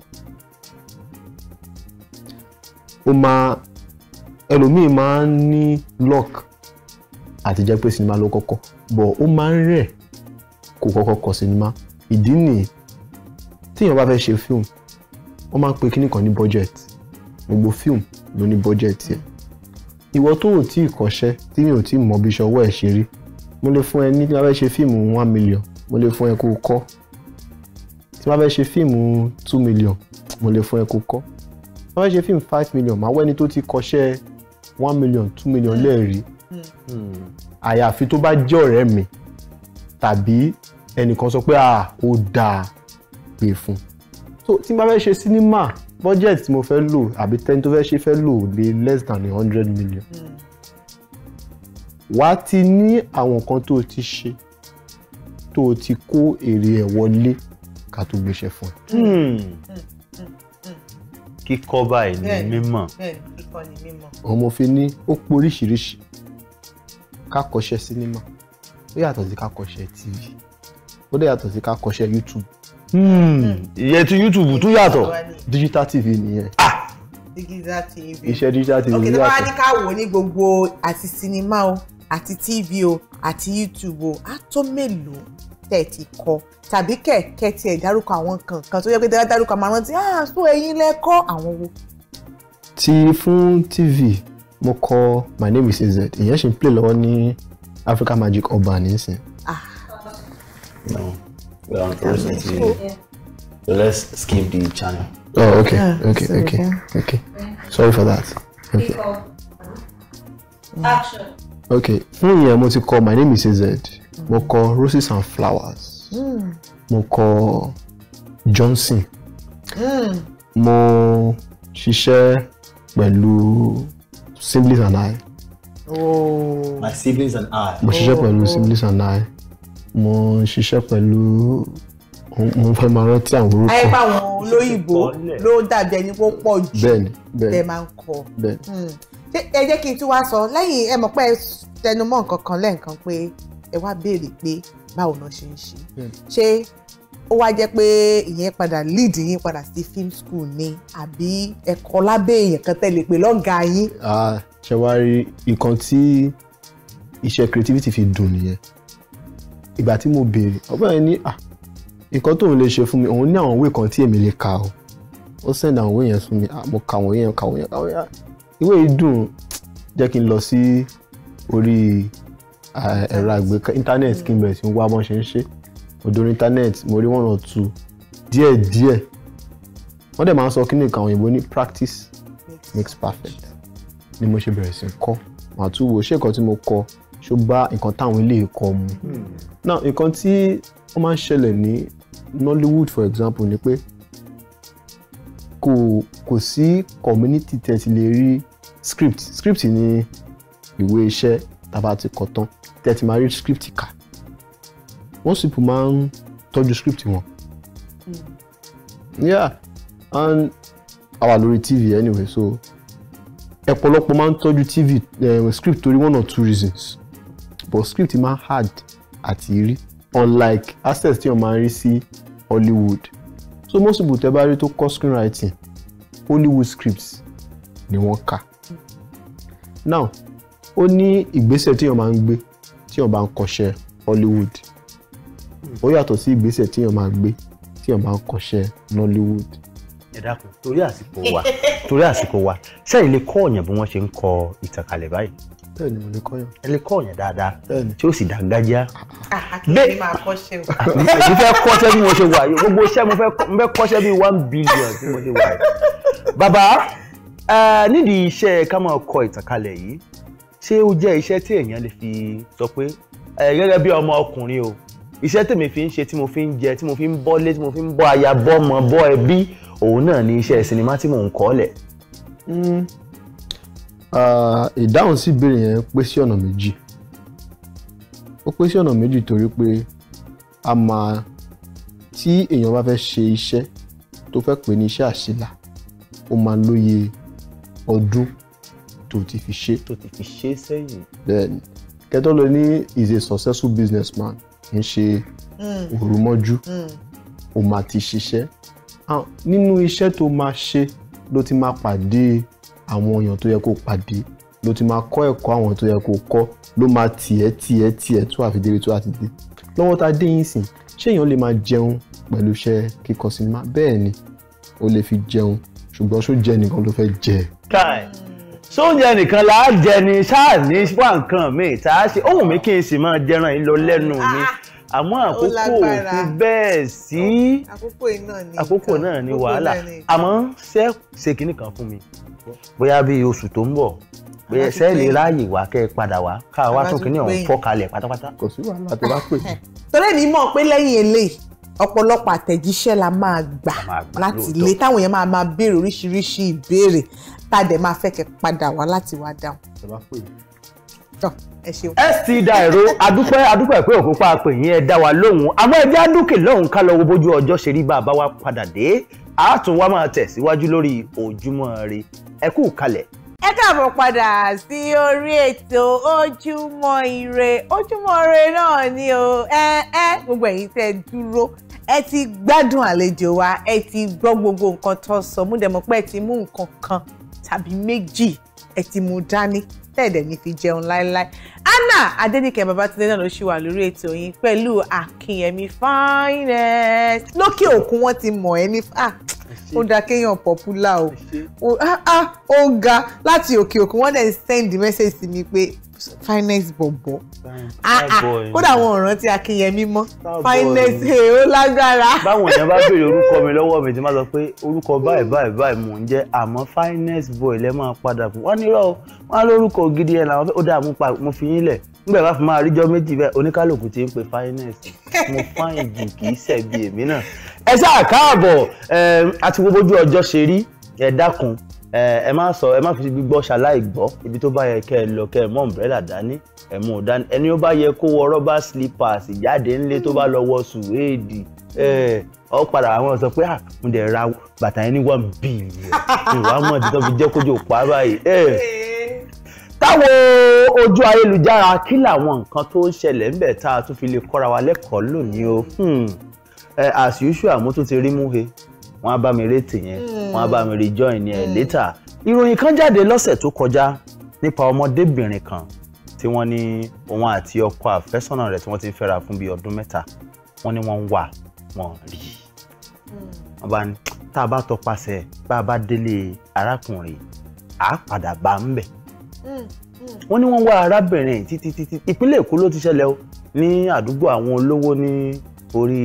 Speaker 4: ó máa ẹlòmíì máa ń ní luck àti jẹ́ pé sinimá ló kọ́kọ́ bọ̀ ó máa ń rẹ̀ kó kọ́kọ́ kọ́ sinimá ìdí nìyí tíyàn bá fẹ́ ṣe fíìmù wọ́n máa ń pe kíní kan ní budget gbogbo film ló ní budget yẹn ìwọ tó ò tí ì kọ́ṣẹ́ tíyàn ò tí ì mọ bí iṣẹ́ ọwọ́ ṣe rí mo lè fún ẹ ní kí wọ́n fẹ́ ṣe fíìmù one million mo lè fún ẹ kó kọ́ tí wọ́n fẹ́ ṣe fíìmù two million mo lè fún ẹ kó kọ́ tí wọ́n fẹ́ ṣe fíìmù five million màá wẹ́ni tó ti kọ́ṣẹ́ one million two million hmm. lẹ́ẹ̀rí hmm. àyàfi tó bá jẹ́ ọ̀rẹ́ mi tàbí ẹnìkan sọ pé ah ó dáa gbé fún so tí n bá fẹ́ ṣe sinimá budget tí mo fẹ́ lò àbí tẹ́ni tó fẹ́ ṣe fẹ́ lò lè less than a hundred million hmm. wàá ti ní àwọn kan tó ti ṣe. Mm tó o ti kó èrè ẹ̀ wọlé ká tó gbéṣẹ́ fún ẹ. Hmm. Hmm. Hmm. kíkọ́ báyìí ni mímọ̀. ọmọ fi ní ó poríṣiríṣi ká kọ́ṣẹ́ sinimá ó yàtọ̀ sí ká tv ó dẹ̀ yàtọ̀ sí ká youtube.
Speaker 3: ìyẹn
Speaker 4: ti youtube tún yàtọ̀ digital tv nìyẹn. ah
Speaker 1: digital tv
Speaker 4: iṣẹ́ digital tv yàtọ̀. ok tí wọ́n á ní ká
Speaker 1: wò ó ní gbogbo àti sinimá o àti tv o àti youtube o á tó mélòó tẹ̀ ti kọ́ tàbí kẹ̀kẹ́ tiẹ̀ dárúkọ àwọn nǹkan kan tó yẹ pé dárúkọ máa rántí ah so ẹ̀yin lẹ kọ́ àwọn wo.
Speaker 4: ti fún tv mo kọ my name is Eze ìyẹn ṣì ń play lọ́wọ́ ní Africa Magic Urban nísìn. ah. no
Speaker 3: so oh. let's
Speaker 2: skip the channel.
Speaker 4: oh okay ah, yeah, okay okay okay sorry for that. okay. action. Okay. fún ìyẹn mo ti kọ my name is az mo kọ roses and flowers mm. mo kọ johnson mm. mo ṣiṣẹ́ pẹ̀lú siblings and i.
Speaker 2: Oh. my siblings and i. mo ṣiṣẹ́ oh. pẹ̀lú siblings
Speaker 4: and i mo ṣiṣẹ́ pẹ̀lú mo fẹ́ máa rántí àwọn orúkọ. ayé báwọn
Speaker 1: olóyìnbó ló dàbí ẹni pó pọ̀ jù bẹ́ẹ̀ máa ń kọ ẹ jẹ́ kí n tún wá sọ lẹ́yìn ẹ mọ̀ pé ẹ tẹnumọ́ nǹkan kan lẹ́ẹ̀kan pé ẹ wá béèrè pé báwo náà ṣe ń ṣe hmm. ṣé ó wá jẹ́ pé ìyẹn padà lead yín padà sí film school ni àbí ẹ̀kọ́ lábẹ́ èèyàn kan tẹ̀lé pé lọ́gàá yín.
Speaker 4: ṣe wá rí nǹkan tí iṣẹ́ creativity fi dùn nìyẹn ìgbà tí mo béèrè ọgbà yẹn ní nǹkan tóun lè ṣe fún mi òun ní àwọn òwe kan tí èmi lè kà ó ó send òwe yẹn fún mi mo kà wọ́n yẹn kà wọ́n yẹn kà wọ́n yẹn ìwé yìí dùn jẹ́ kí n lọ sí orí ẹ̀rọ àgbéká internet kí n bẹ̀rẹ̀ sí wá bọ́n ṣe ń ṣe odò internet mo rí one or two díẹ̀ díẹ̀ wọ́n dẹ̀ máa ń sọ kí ni nǹkan òyìnbó ní practice makes perfect ni mo ṣe bẹ̀rẹ̀ sí kọ́ màá tún wo ṣé nǹkan tí mo kọ ṣó bá nǹkan táwọn ilé ẹ̀kọ́ mu. Hmm. now nǹkan tí wọ́n máa ń ṣẹlẹ̀ ní Nollywood for example ni pé kò kò sí community tẹ̀sí rí script script ni ìwé iṣẹ́ tàbá ti kọ tán tẹ́ ti máa rí script kà wọ́n sì pò máa ń tọ́jú script wọn. yeah and àwa lórí tv anyway so ẹ̀pọ̀lọpọ̀ máa ń tọ́jú tv um, eh, script torí one or two reasons but script máa hard àti rí unlike access tí wọ́n máa ń rí sí hollywood so most people tẹ́ bá rí tó kọ́ screenwriting hollywood scripts ni wọ́n kà now ó ní ìgbésẹ̀ téèyàn máa ń gbé téèyàn bá ń kọ́ṣẹ́ Hollywood ó yàtọ̀ sí ìgbésẹ̀ téèyàn máa gbé téèyàn bá ń kọ́ṣẹ́ Nollywood.
Speaker 2: ẹ dákun torí àsìkò wa
Speaker 4: torí àsìkò wa sẹ́yìn lè kọ́ ọ̀yàn bí wọ́n ṣe ń
Speaker 2: kọ ìtànkálẹ̀ báyìí bẹ́ẹ̀ni mo lè kọyàn. ẹ lè kọyàn dáadáa tí ó sì dángájá.
Speaker 1: Ah, ah, bẹ́ẹ̀ máa kọ́ṣẹ́ o. Ah, mo fẹ́ kọ́ṣẹ́
Speaker 2: bí mo ṣe wà yìí gbogbo iṣẹ́ mo fẹ́ kọ́ṣẹ́ bí one billion bí mo nídìí iṣẹ́ ká máa kọ ìtànkalẹ̀ yìí ṣé ó jẹ́ iṣẹ́ tí èèyàn lè fi sọ pé gẹ́gẹ́ bí ọmọ ọkùnrin o iṣẹ́ tèmi fi ń ṣe tí mo fi ń jẹ tí mo fi ń bọ́lé tí mo fi ń bọ́ aya bọ́ ọmọ bọ́
Speaker 4: ẹbí òun náà ni iṣẹ́ sinimá tí mò ń kọ́ lẹ̀. Hmm. ìdáhùn sí ìbéèrè yẹn pé sí ọ̀nà méjì ó pé sí ọ̀nà méjì torí pé a máa tí èèyàn bá fẹ́ ṣe iṣẹ́ tó fẹ́ pè ní iṣẹ́ àṣìlá ó máa lóye ọdún tó ti fi ṣe. tó ti fi
Speaker 2: ṣe sẹ́yìn.
Speaker 4: bẹ́ẹ̀ni kẹtọ́ ní is a successful businessman kì í ṣe hmm. òrùmọ́jú o hmm. máa ti ṣiṣẹ́ nínú iṣẹ́ tó máa ṣe ló ti máa pàdé àwọn èèyàn tó yẹ kó pàdé ló ti máa kọ́ ẹ̀kọ́ àwọn tó yẹ kó kọ́ ló máa tiẹ̀ tiẹ̀ tiẹ̀ tó àfi débi tó àti dé lọ́wọ́ tá a dé yín sìn ṣé èèyàn lè máa jẹun pẹ̀lú iṣẹ́ kíkọ sinimá bẹ́ẹ̀ ni o lè fi jẹun ṣùgbọ́n ṣó jẹ nìkan ló fẹ́ jẹ ẹ̀
Speaker 2: Kai, hmm. sóúnjẹ nìkan là á jẹ ni ṣáà ní wà nǹkan míì tá a ṣe ohun mi kì í sì máa jẹran yìí lọ lẹ́nu mi ah, àmọ́ àkókò fi bẹ́ẹ̀ sí àkókò náà ni wàhálà àmọ́ ṣe ṣe kinní kan fún mi bóyá bíi oṣù tó ń bọ̀ bóyá ṣe lè ráàyè wá kẹ́ ẹ padà wá ká wá tún kinní ọ̀hún fọ́ kalẹ̀ pátápátá. kò sí wàhálà tó bá
Speaker 1: pè mí. <laughs> torí èmi mọ̀ pé lẹ́yìn eléyìí ọ̀pọ̀lọpọ̀ àtẹ̀jíṣẹ́ la máa gbà láti ilé táwọn èèyàn máa máa béèrè oríṣiríṣi ìbéèrè tá a dẹ̀ máa fẹ́ kẹ́ padà wá láti wá dáhùn.
Speaker 2: st dairo adúpẹ́ adúpẹ́ pé òkú pè yín ẹ dá wa lóhùn àmọ́ ẹ jẹ́ àdúkè lọ́hùn ká lọ wo bójú ọjọ́ ṣe rí bàbá wa padà dé a tún wá máa tẹ̀síwájú lórí ojúmọ́ ire ẹ kú kalẹ̀.
Speaker 1: ẹ káàbọ̀ padà sí orí ètò ojúmọ́ ire ojúmọ́ ire náà ni o ẹ ẹ gbogbo ẹ̀yin tẹ́ dúró ẹ ti gbádùn àlejò wa ẹ ti gbọ́ gbogbo nǹkan tó sọ mú dẹ̀ mọ́ pé ẹ ti mú nǹkan kan tàbí méjì ẹ ti mú dání tẹ́ẹ̀dẹ̀ ní fi jẹun láéláé Anna Adéníkẹ́ Babátúndé náà ló ṣì wà lórí ètò yìí pẹ̀lú Akínyẹmí finest lókè òkun wọ́n ti mọ̀ ẹ́ ní ah, ó dáa kéèyàn popular o ah, ah, ó ga láti òkè òkun wọ́n dẹ̀ send message sí mi pé finest bọ̀bọ̀ ah, ah, kódà àwọn ọ̀ràn tí akínyẹmí mọ́ finest he eh, ó lágbára.
Speaker 2: báwọn èèyàn bá béèrè orúkọ mi lọ́wọ́ mi ti máa sọ pé orúkọ báyìí báyìí báyìí mò ń jẹ́ àmọ́ finest boy lẹ́ máa padà fún wọn nírọ̀ wọn á lórúkọ gidi ẹ̀ làwọn ó dáa mo fi yín lẹ̀ nígbà bá fi máa ríjọ méjì bẹ́ẹ̀ oníkálùkù ti ń pe finest mo fáìn jù kì í ṣẹ̀bi èmi náà ẹ sáà káàbọ̀ àti gbogbo ojú ọjọ́ ṣe rí ẹ dákun ẹ má sọ ẹ má fi gbígbọ́ ṣaláì gbọ́ ibi tó bá yẹ kẹ́ ẹ lọ kẹ́ ẹ mú umbrella dání ẹ mú un dání ẹni ó bá yẹ kó wọ rọ́bà slippers jáde ńlé tó bá lọ wọ sùwéèdì ọ padà àwọn sọ pé ah, mo dẹ̀ ra bàtà yẹn ní one billion ìwà mọ̀ tí tó fi jẹ́ kójú pa báyìí. táwo ojú ayélujára kí làwọn nǹkan tó ń ṣẹlẹ̀ ń bẹ̀ tá a tún fi lè kọ́ra wa lẹ́kọ̀ọ́ lónìí o hmm. as usual mo tún ti rí mú he wọ́n á bá mi rétí yẹn hmm. wọ́n á bá mi rejoin yẹn hmm. later ìròyìn kan jáde lọ́sẹ̀ tó kọjá nípa ọmọdébìnrin kan tí wọ́n ní òun àti ọkọ àfẹ́sọ̀nà rẹ̀ tí wọ́n ti ń fẹ́ra fún bíi ọdún mẹ́ta wọ́n ní wọ́n ń wà wọ́n rí
Speaker 3: hmm.
Speaker 2: wọ́n bá ní tá a bá tọpasẹ̀ bá a bá délé arákùnrin à á padà bá ń bẹ̀. wọ́n ní wọ́n wá arábìnrin títí títí ìpínlẹ̀ Èkó ló ti ṣẹlẹ̀ ní àdúgbò àwọn olówó ní orí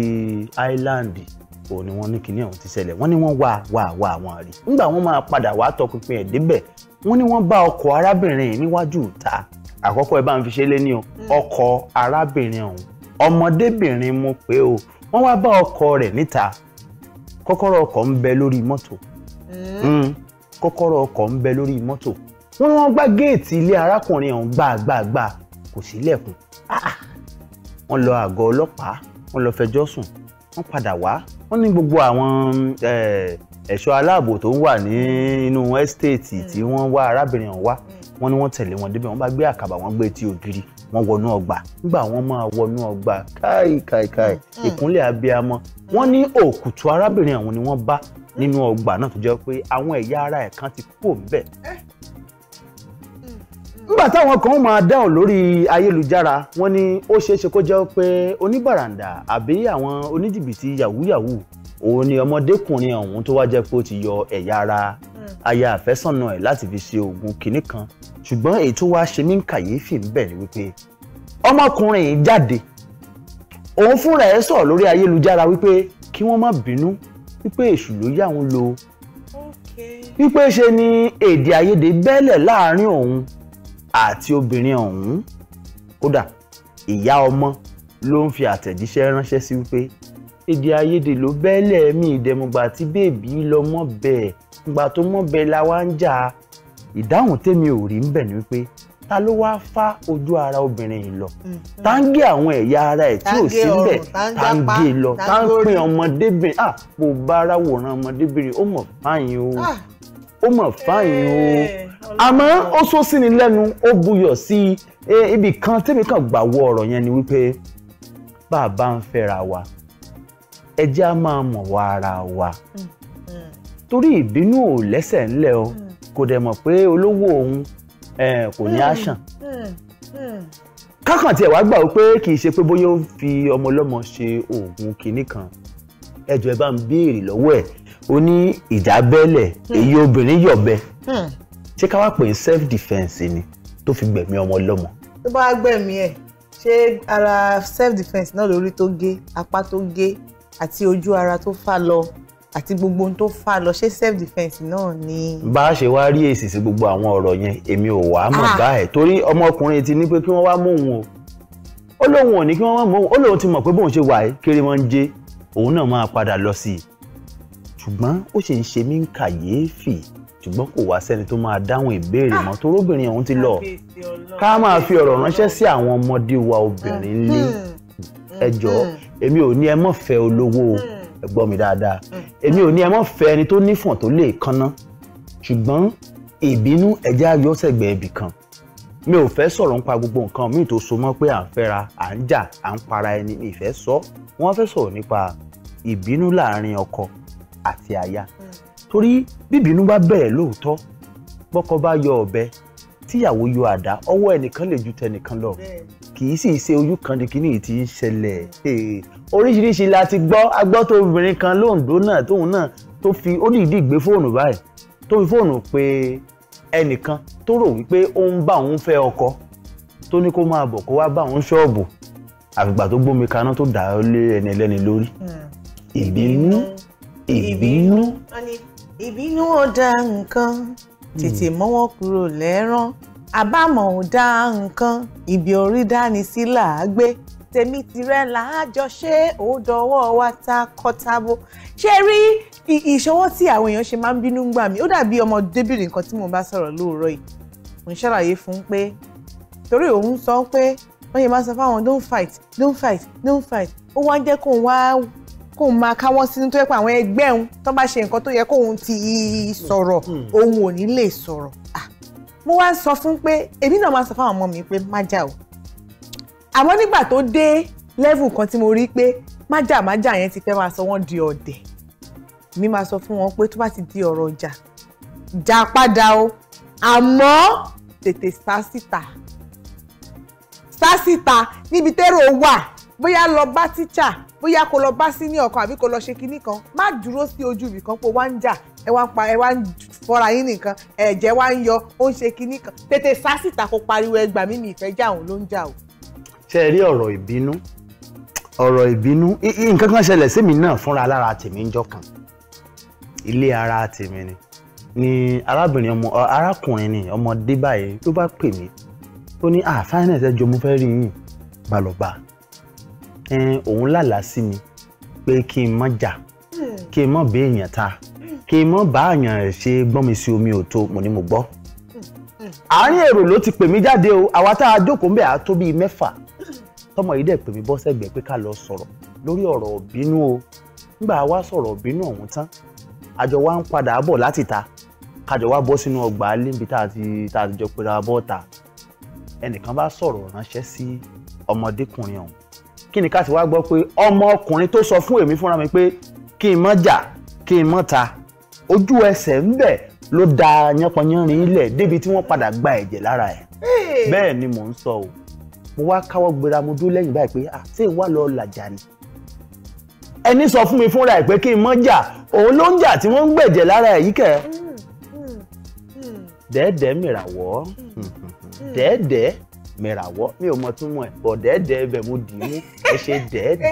Speaker 2: áíláńdì òun ni wọ́n ní kinní ọ̀hún ti ṣẹlẹ̀ wọ́n ní wọ́n wà wà wà wọ́n rí nígbà wọ́n máa padà wá tọpinpin ẹ̀ débẹ̀ wọ́n ní wọ́n bá ọkọ̀ arábìnrin yìí níwájú ìta àkọ́kọ́ ẹ bá ń fi ṣe lé ní mm. ọkọ̀ arábìnrin ọ̀hún ọmọdébìnrin mo pé o wọ́n wá bá ọkọ̀ rẹ̀ níta kọ́kọ́rọ́ ọkọ̀ ń bẹ lórí mọ́tò mm. Mm. kọ́kọ́rọ́ ọkọ̀ ń bẹ lórí mọ́tò wọ́n ní wọ́n gbá géètì ilé arákùnrin ọ̀hún gbàgbàgbà kò sílẹ̀kùn ah, ah. wọ́n lọ àgọ́ ọlọ́pàá wọ́n lọ fẹjọ́ sùn wọ́n padà wá wọ́n ní gbogbo àwọn eh, ẹ̀ṣọ́ aláàbò tó ń wà nínú ẹ́stéètì hmm. tí wọ́n wá arábìnrin ọ̀hún wá hmm. wọ́n ní wọ́n tẹ̀lé wọn débẹ̀ wọ́n bá gbé àkàbà wọ́n gbé tí ògiri wọ́n wọnú ọgbà nígbà wọ́n máa wọnú ọgbà káìkàìkàì hmm. ìkúnlẹ̀ abiyamọ wọ́n ní òkùtù arábìnrin ọ̀hún ni wọ́n bá nínú ọgbà náà tó jẹ́ pé àwọn ẹ̀yà ara ẹ̀ kan ti kú òun bẹ́ẹ̀ eh nígbà táwọn kan máa dáhùn lórí ayélujára wọ́n ní ó ṣeé ṣe kó jẹ́ pé oníbàràǹdà àbí àwọn oníjìbìtì yàwúyàwú òun ni ọmọdékùnrin ọ̀hún tó wá jẹ́ pé ó ti yọ ẹ̀yà ara aya àfẹ́sọ̀nà ẹ̀ láti fi ṣe oògùn kinní kan ṣùgbọ́n èyí tó wá ṣe mí ń kàyéfì ń bẹ̀ ni wípé ọmọkùnrin yìí jáde òun fúnra ẹ̀ sọ̀rọ̀ lórí ayélujára wípé kí wọ́n má bínú wípé èṣù ló yà òun lò wípé ṣe ni èdè àìyedè bẹ́lẹ̀ láàrin òun àti obìnrin ọ̀hún kódà ìyá ọmọ ló ń fi àtẹ̀jíṣẹ́ ránṣẹ́ sí wípé èdè àìyedè ló bẹ́lẹ̀ mí ìdẹ̀mùgbà tí bèbí lọ mọ́ bẹ́ẹ̀ ìgbà tó mọ́ bẹ́ẹ̀ la wá ń jà ìdáhùn tèmi ò rí ń bẹ̀ ni wípé ta ló wá fá ojú ara obìnrin yìí lọ
Speaker 3: mm-hmm. tá
Speaker 2: ń gé àwọn ẹ̀yà ara ẹ̀ tí ò sí ń bẹ̀ tá ń gé e lọ tá ọmọdébìnrin à mo bá ara wòran ọmọdébìnrin ó mọ̀ fáyín o ó mọ̀ fáyín o àmọ́ ó sọ sí ni lẹ́nu ó buyọ̀ sí e, ibì kan tèmi kan gbà wọ ọ̀rọ̀ yẹn ni wípé bá ń fẹ́ra wa ẹ jẹ́ á máa mọ̀ wá ara wa torí ìbínú ò lẹ́sẹ̀ ńlẹ̀ o kò dẹ̀ mọ̀ pé olówó òun kò ní àṣàn kákan tiẹ̀ wá gbà wípé kì í ṣe pé bóyá ó fi ọmọ ọlọ́mọ ṣe oògùn kinní kan ẹjọ́ ẹ bá ń béèrè lọ́wọ́ ẹ̀ ó ní ìdábẹ́lẹ̀ hmm. èyí obìnrin yọ̀bẹ hmm ṣé ká wá pè é self defence ni tó fi gbẹ̀mí ọmọ lọ́mọ.
Speaker 1: tó bá gbẹ̀mí ẹ̀ ṣé ara self defence náà lórí tó gé apá tó gé àti ojú ara tó fà lọ àti gbogbo ohun tó fà lọ ṣé self defence náà ni.
Speaker 2: bá a ṣe wá rí èsì sí gbogbo àwọn ọ̀rọ̀ yẹn èmi ò wá mọ̀ ah. báyìí torí ọmọkùnrin ti ní pé kí wọ́n wá mú òun o ó lóun ò ní kí wọ́n wá mú òun ó lóun ti mọ̀ pé bóun ṣe wà é kéré mọ́ ń jẹ́ òun náà máa padà lọ sí i ṣùgbọ́n ó ṣe ń ṣe mí ń kàyéfì ṣùgbọ́n kò wá sẹ́ni tó máa dáhùn ìbéèrè mọ́ tó róbìnrin ọ̀hún ti lọ ká máa fi ọ̀rọ̀ ránṣẹ́ sí àwọn ọmọdé wa obìnrin ní
Speaker 3: hmm.
Speaker 2: ẹjọ́ hmm. èmi ò ní ẹ mọ̀ fẹ́ olówó hmm. ẹ gbọ́ mi dáadáa èmi ò ní ẹ mọ̀ fẹ́ ẹni tó nífọ̀n tó lè kanná ṣùgbọ́n ìbínú ẹ̀já yọ sẹ̀gbẹ́ ibì kan mi ò fẹ́ sọ̀rọ̀ nípa gbogbo nǹkan míì tó so mọ́ pé à ń fẹ́ra à ń jà à ń para ẹni ìfẹ́ sọ wọ́n fẹ́ sọ̀rọ̀ nípa ìbínú láàárín ọkọ àti aya torí bíbínú bá bẹ̀rẹ̀ lóòótọ́ bọ́kọ bá yọ ọ̀bẹ tíyàwó yọ àdá ọwọ́ ẹnìkan lè ju tẹnìkan lọ kì í sì ṣe ojú kan di kíní tí ń ṣẹlẹ̀ oríṣiríṣi la ti gbọ́ agbọ́tò obìnrin kan lóǹdó náà tóun náà tó fi ó dìídì gbé fóònù báyìí tó fi fóònù pé ẹnìkan tó rò wípé ó ń bá òun fẹ́ ọkọ tó ní kó máa bọ̀ kó wá bá òun ṣọ́ọ̀bù àgbà tó gbómi kaná tó dà á lé ẹni ẹlẹ́ni lórí hmm. ìbínú ìbínú
Speaker 1: ìbínú ò dá nǹkan tètè hmm. mọ́wọ́ kúrò lẹ́rán àbámọ̀ ò dá nǹkan ibi orí dání sí làágbé tèmi tìrẹ làájọ ṣé ó dọwọ́ wa ta kọ́tàbó ṣé rí ìṣọwọ́ tí àwọn èèyàn ṣe máa ń bínú gbà mí ó dàbí ọmọdébìnrin kan tí mo bá sọ̀rọ̀ lóòrọ̀ yìí mo ń ṣàlàyé fún un pé torí òun sọ pé wọ́n yẹ máa sọ fáwọn don't fight don't fight don't fight ó wá ń jẹ́ kó wá kóun máa káwọ́ sínú tó yẹ pé àwọn ẹgbẹ́ òun tó bá ṣe nǹkan tó yẹ kóun ti sọ̀rọ̀ hmm. Hmm. òun ò ní lè sọ̀rọ̀ mo wá sọ fún pé èmi náà máa sọ fáwọn ọmọ mi pé má jà o àmọ́ nígbà tó dé level kan tí mo rí pé má jà má jà yẹn ti fẹ́ máa sọ wọ́n di ọ̀dẹ̀ mi máa sọ fún wọn pé tó bá ti di ọ̀rọ̀ ọjà jà padà o àmọ́ tètè sá síta sá síta níbi tẹ́rọ wà bóyá lọ bá tíṣà bóyá kó lọ bá sí ní ọ̀kan àbí kó lọ ṣe kinní kan má dúró sí ojú ibì kan pé wá ń jà ẹ wá ń pa ẹ wá ń fọra yín nìkan ẹ̀jẹ̀ wá ń yọ ó ń ṣe kinní kan tètè sá síta kó pariwo ẹgbà mímì ìfẹ́ jà òun ló ń jà o.
Speaker 2: ṣé ẹ rí ọ̀rọ̀ ìbínú ọ̀rọ̀ ìbínú nǹkan kan ṣẹlẹ̀ sí mi náà fúnra lára tèmi ń jọkàn ilé ara tèmi ni ni arábìnrin ọmọ arákùnrin ni ọmọdé báyìí tó bá pè mí tó ní àfáìnẹsẹ jọ mo fẹ́ rí yín balọ̀ba òun lálàá sí mi pé kí n má jà
Speaker 3: hmm. kí
Speaker 2: n má bá èèyàn ta kí n má bá àyàn rẹ̀ ṣe gbọ́n mi sí omi òtó mo ní mo gbọ́. àárín èrò ló ti pè mí jáde o àwa tá a jókòó ń bẹ̀ á tó bíi mẹ́fà tọmọ yìí dẹ̀ pè mí bọ́ sẹ́gbẹ̀ẹ́ pé ká lọ sọ̀rọ̀ lórí ọ̀rọ̀ ìbínú o nígbà wá sọ̀rọ̀ ìbínú ọ̀hún tán àjọ wa ń padà bọ̀ láti ta kájọ wa bọ́ sínú ọgbà níbi tá a ti jọ pera bọ́ọ̀ta ẹnìkan bá sọ̀rọ̀ ránṣẹ́ sí ọmọdékùnrin ọ̀hún kí ni ká sì wá gbọ́ pé ọmọ ọkùnrin tó sọ fún èmi fúnra mi pé kí n mọ́ jà kí n mọ́ ta ojú ẹsẹ̀ ń bẹ̀ ló da yánpọnyánrin ilẹ̀ débi tí wọ́n padà gba ẹ̀jẹ̀ lára ẹ̀ bẹ́ẹ̀ ni mò ń sọ o mo wá káwọ́ gbéra mo dúró lẹ́yìn báyìí pé àti ìwà lọ làjà ni ẹni sọ fún mi fúnra ẹ̀ pé kí n mọ́ jà òun ló ń jà tí wọ́n ń gbẹ̀jẹ̀ lára ẹ̀ yìí hmm, hmm, hmm. dẹ́ẹ̀dẹ́ mìràwọ́ dẹ́ẹ̀dẹ́ mẹ̀ràwọ́ mi ò mọ túmọ̀ ẹ̀ bọ̀ dẹ́ẹ̀dẹ́ ibẹ̀ mo dì í mú ẹ ṣe dẹ́ẹ̀dẹ́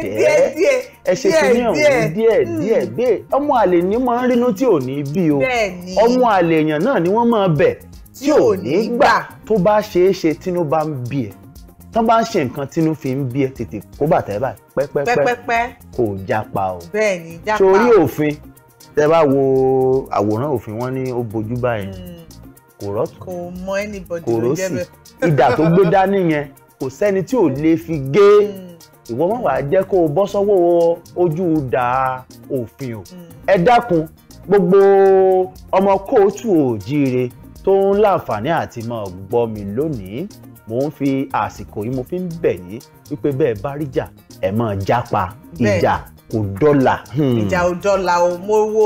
Speaker 2: <laughs> ẹ ṣe kíní ọ̀hún díẹ̀ hmm. díẹ̀ bẹ́ẹ̀ ọmọ àlè ni máa ń rínú tí ò ní bí o ọmọ àlè èèyàn náà ni wọ́n máa bẹ̀ tí ò ní gbà tó bá ṣeé ṣe tínú bá ń bí ẹ̀ tán bá ń ṣe nǹkan tínú fi ń bí ẹ tètè kó bàtà ẹ báyìí pẹ́pẹ́pẹ́ kò japa o
Speaker 1: bẹ́ẹ̀ni japa torí
Speaker 2: òfin tẹ bá wo àwòrán òfin wọn ní ó bojú báyìí hmm kò rọ́tù kò
Speaker 1: mọ anybody ló jẹ́ bẹ́ẹ̀
Speaker 2: kò rọ́sì ìdà tó gbé dání yẹn kò sẹ́ni tí ò lè fi gé hmm. ìwọ má wàá jẹ́ kó o bọ́ sọ́wọ́ ojú dà òfin o hmm. ẹ dákun gbogbo ọmọ kóòtù òjíire tó ń láǹfààní àti máa gbọ́ mi lónìí mò ń fi àsìkò yìí mo fi ń bẹ̀ yín wípé bẹ́ẹ̀ bá rí jà
Speaker 1: ẹ̀ máa jápa ìjà kò dọ́là. Hmm. ìjà ò dọ́là o mo wo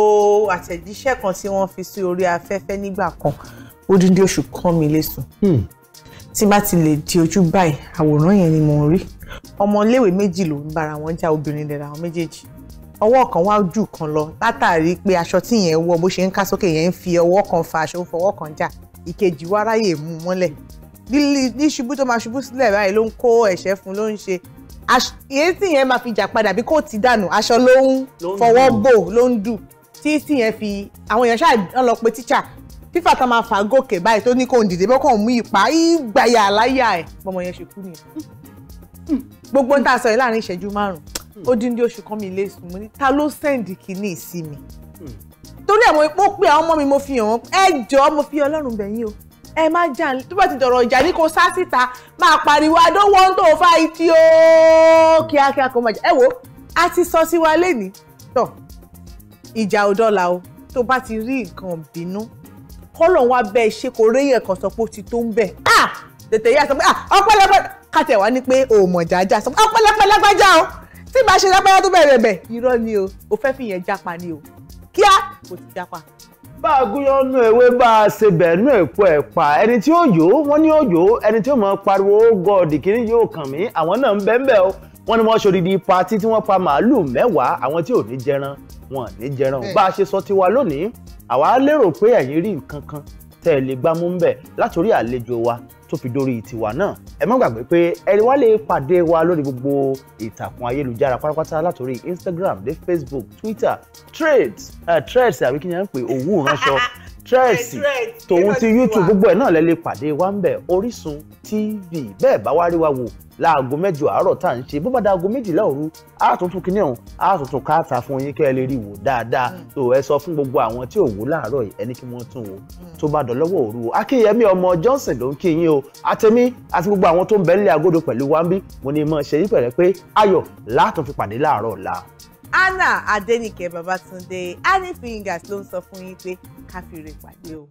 Speaker 1: àtẹ̀jíṣẹ́ kan tí wọ́n fi sí orí afẹ́fẹ́ nígbà kan odindi oṣù kan mi lè sùn hmm. tí bá ti lè di ojú báyìí àwòrán yẹn ni mò ń rí ọmọléèwé méjì ló ń bára wọn já obìnrin lẹ́ra àwọn méjèèjì ọwọ́ kan wá jù kan lọ látàrí pé aṣọ tí yẹn wọ bó ṣe ń ká sókè yẹn ń fi ọwọ́ kan fa aṣọ fọwọ́ kan já ìkejì wá ráyè mú mọ́lẹ̀ ní tó máa ṣubú sílẹ̀ báyìí ló ń kó ẹ̀ṣẹ́ fún ló ń ṣe èyí tí yẹn máa fi jà padà bí kò ti dànù aṣọ ló ń fọwọ́ bò ló ń dù tí tí yẹn fi àwọn èèyàn ṣáà lọ pe tíṣà fífà tá máa fà gòkè báyìí tó ní kò ń dìde bó kò ń mú ìpá ìgbàyà aláyà ẹ̀ bọ́mọ yẹn ṣe kú nìyẹn gbogbo ń tà sọ yìí láàrin ìṣẹ́jú márùn-ún ó dín ní oṣù kan mi lè sùn mo ní ta ló sẹ́ǹdì kìíní sí mi torí ẹ̀ mo pé àwọn ọmọ mi mo fi hàn wọ́n ẹ jọ̀ọ́ mo fi Ọlọ́run bẹ̀ o ẹ má jà tó bá ti dọ̀rọ̀ ìjà ní kò sá síta máa pariwo I don't want to fight you kíákíá kò má ẹ wo a ti sọ sí wa lẹ́ni tọ̀ ìjà ò dọ́là o tó bá ti rí nǹkan bínú kọ́lọ̀ wa bẹ́ ẹ ṣe kò réyìn ẹ̀kan sọ pé ó ti tó ń bẹ̀ ah! tètè yá sọ pé ah! ọpẹ́lẹpẹ́ kàtẹ́ wá ní pé ò mọ̀ jájá sọ pé ọpẹ́lẹpẹ́ lágbájá o tí màá ṣe lágbájá tó bẹ̀rẹ̀ bẹ̀ irọ́ ni o ò fẹ́ fi yẹn jápa ni o kíá kò ti jápa.
Speaker 2: bá a gúnyán nú ewé bá a ṣe bẹ̀ẹ́ nú èpo ẹ̀ pa ẹni tí ó yó wọ́n ní ó yó ẹni tí ó mọ̀ pariwo ó oh gọ̀ọ́dì kí ni yóò kàn mí àwọn náà ń bẹ́ẹ̀ bẹ́ẹ̀ o wọ́n ní wọ́n ṣòdìdí patí tí wọ́n pa màálù mẹ́wàá àwọn tí ò ní jẹran wọn ò ní jẹran bá a ṣe sọ tiwa lónìí àwa lérò pé ẹ̀yin rí nǹkan kan tẹ́ ẹ lè gbámú ńbẹ̀ látòrí àlejò wa tó fi dórí tiwa náà ẹ má gbàgbé pé ẹni wá lè pàdé wa lórí gbogbo ìtàkùn ayélujára pátápátá látòrí Instagram dé Facebook Twitter Threads uh, Threads àbí kí ni à ń pè owó ránṣọ <laughs> tírẹ́ẹ̀sì tòun ti youtube gbogbo ẹ̀ náà lẹ́ lè pàdé wa ń bẹ̀ orísun tv bẹ́ẹ̀ bá wá rí wa wò láago mẹ́jọ àárọ̀ tá à ń ṣe bó bá da aago méjìlá òru àtúntún kínní ọ̀hún àtúntún káàtà fún yín kẹ́ ẹ lè rí wò dáadáa tó mm. ẹ sọ fún gbogbo àwọn tí ò wò láàárọ̀ yìí ẹni kí wọ́n tún wò mm. tó bá dọ̀lọ́wọ́ òru o akínyẹmí ọmọ johnson ló ń kí yín o àtẹmí àti gbogbo àwọn tó ń bẹ nílé agodo pẹ̀lú wambi mo ní mọ̀ ṣe yín pẹ̀lẹ́ pé ayọ̀ látún fi pàdé láàárọ̀ ọ̀la.
Speaker 1: Anna Adenike, Babatunde, Honey Fingers ló ń sọ fún yín pé ká fi pàdé o.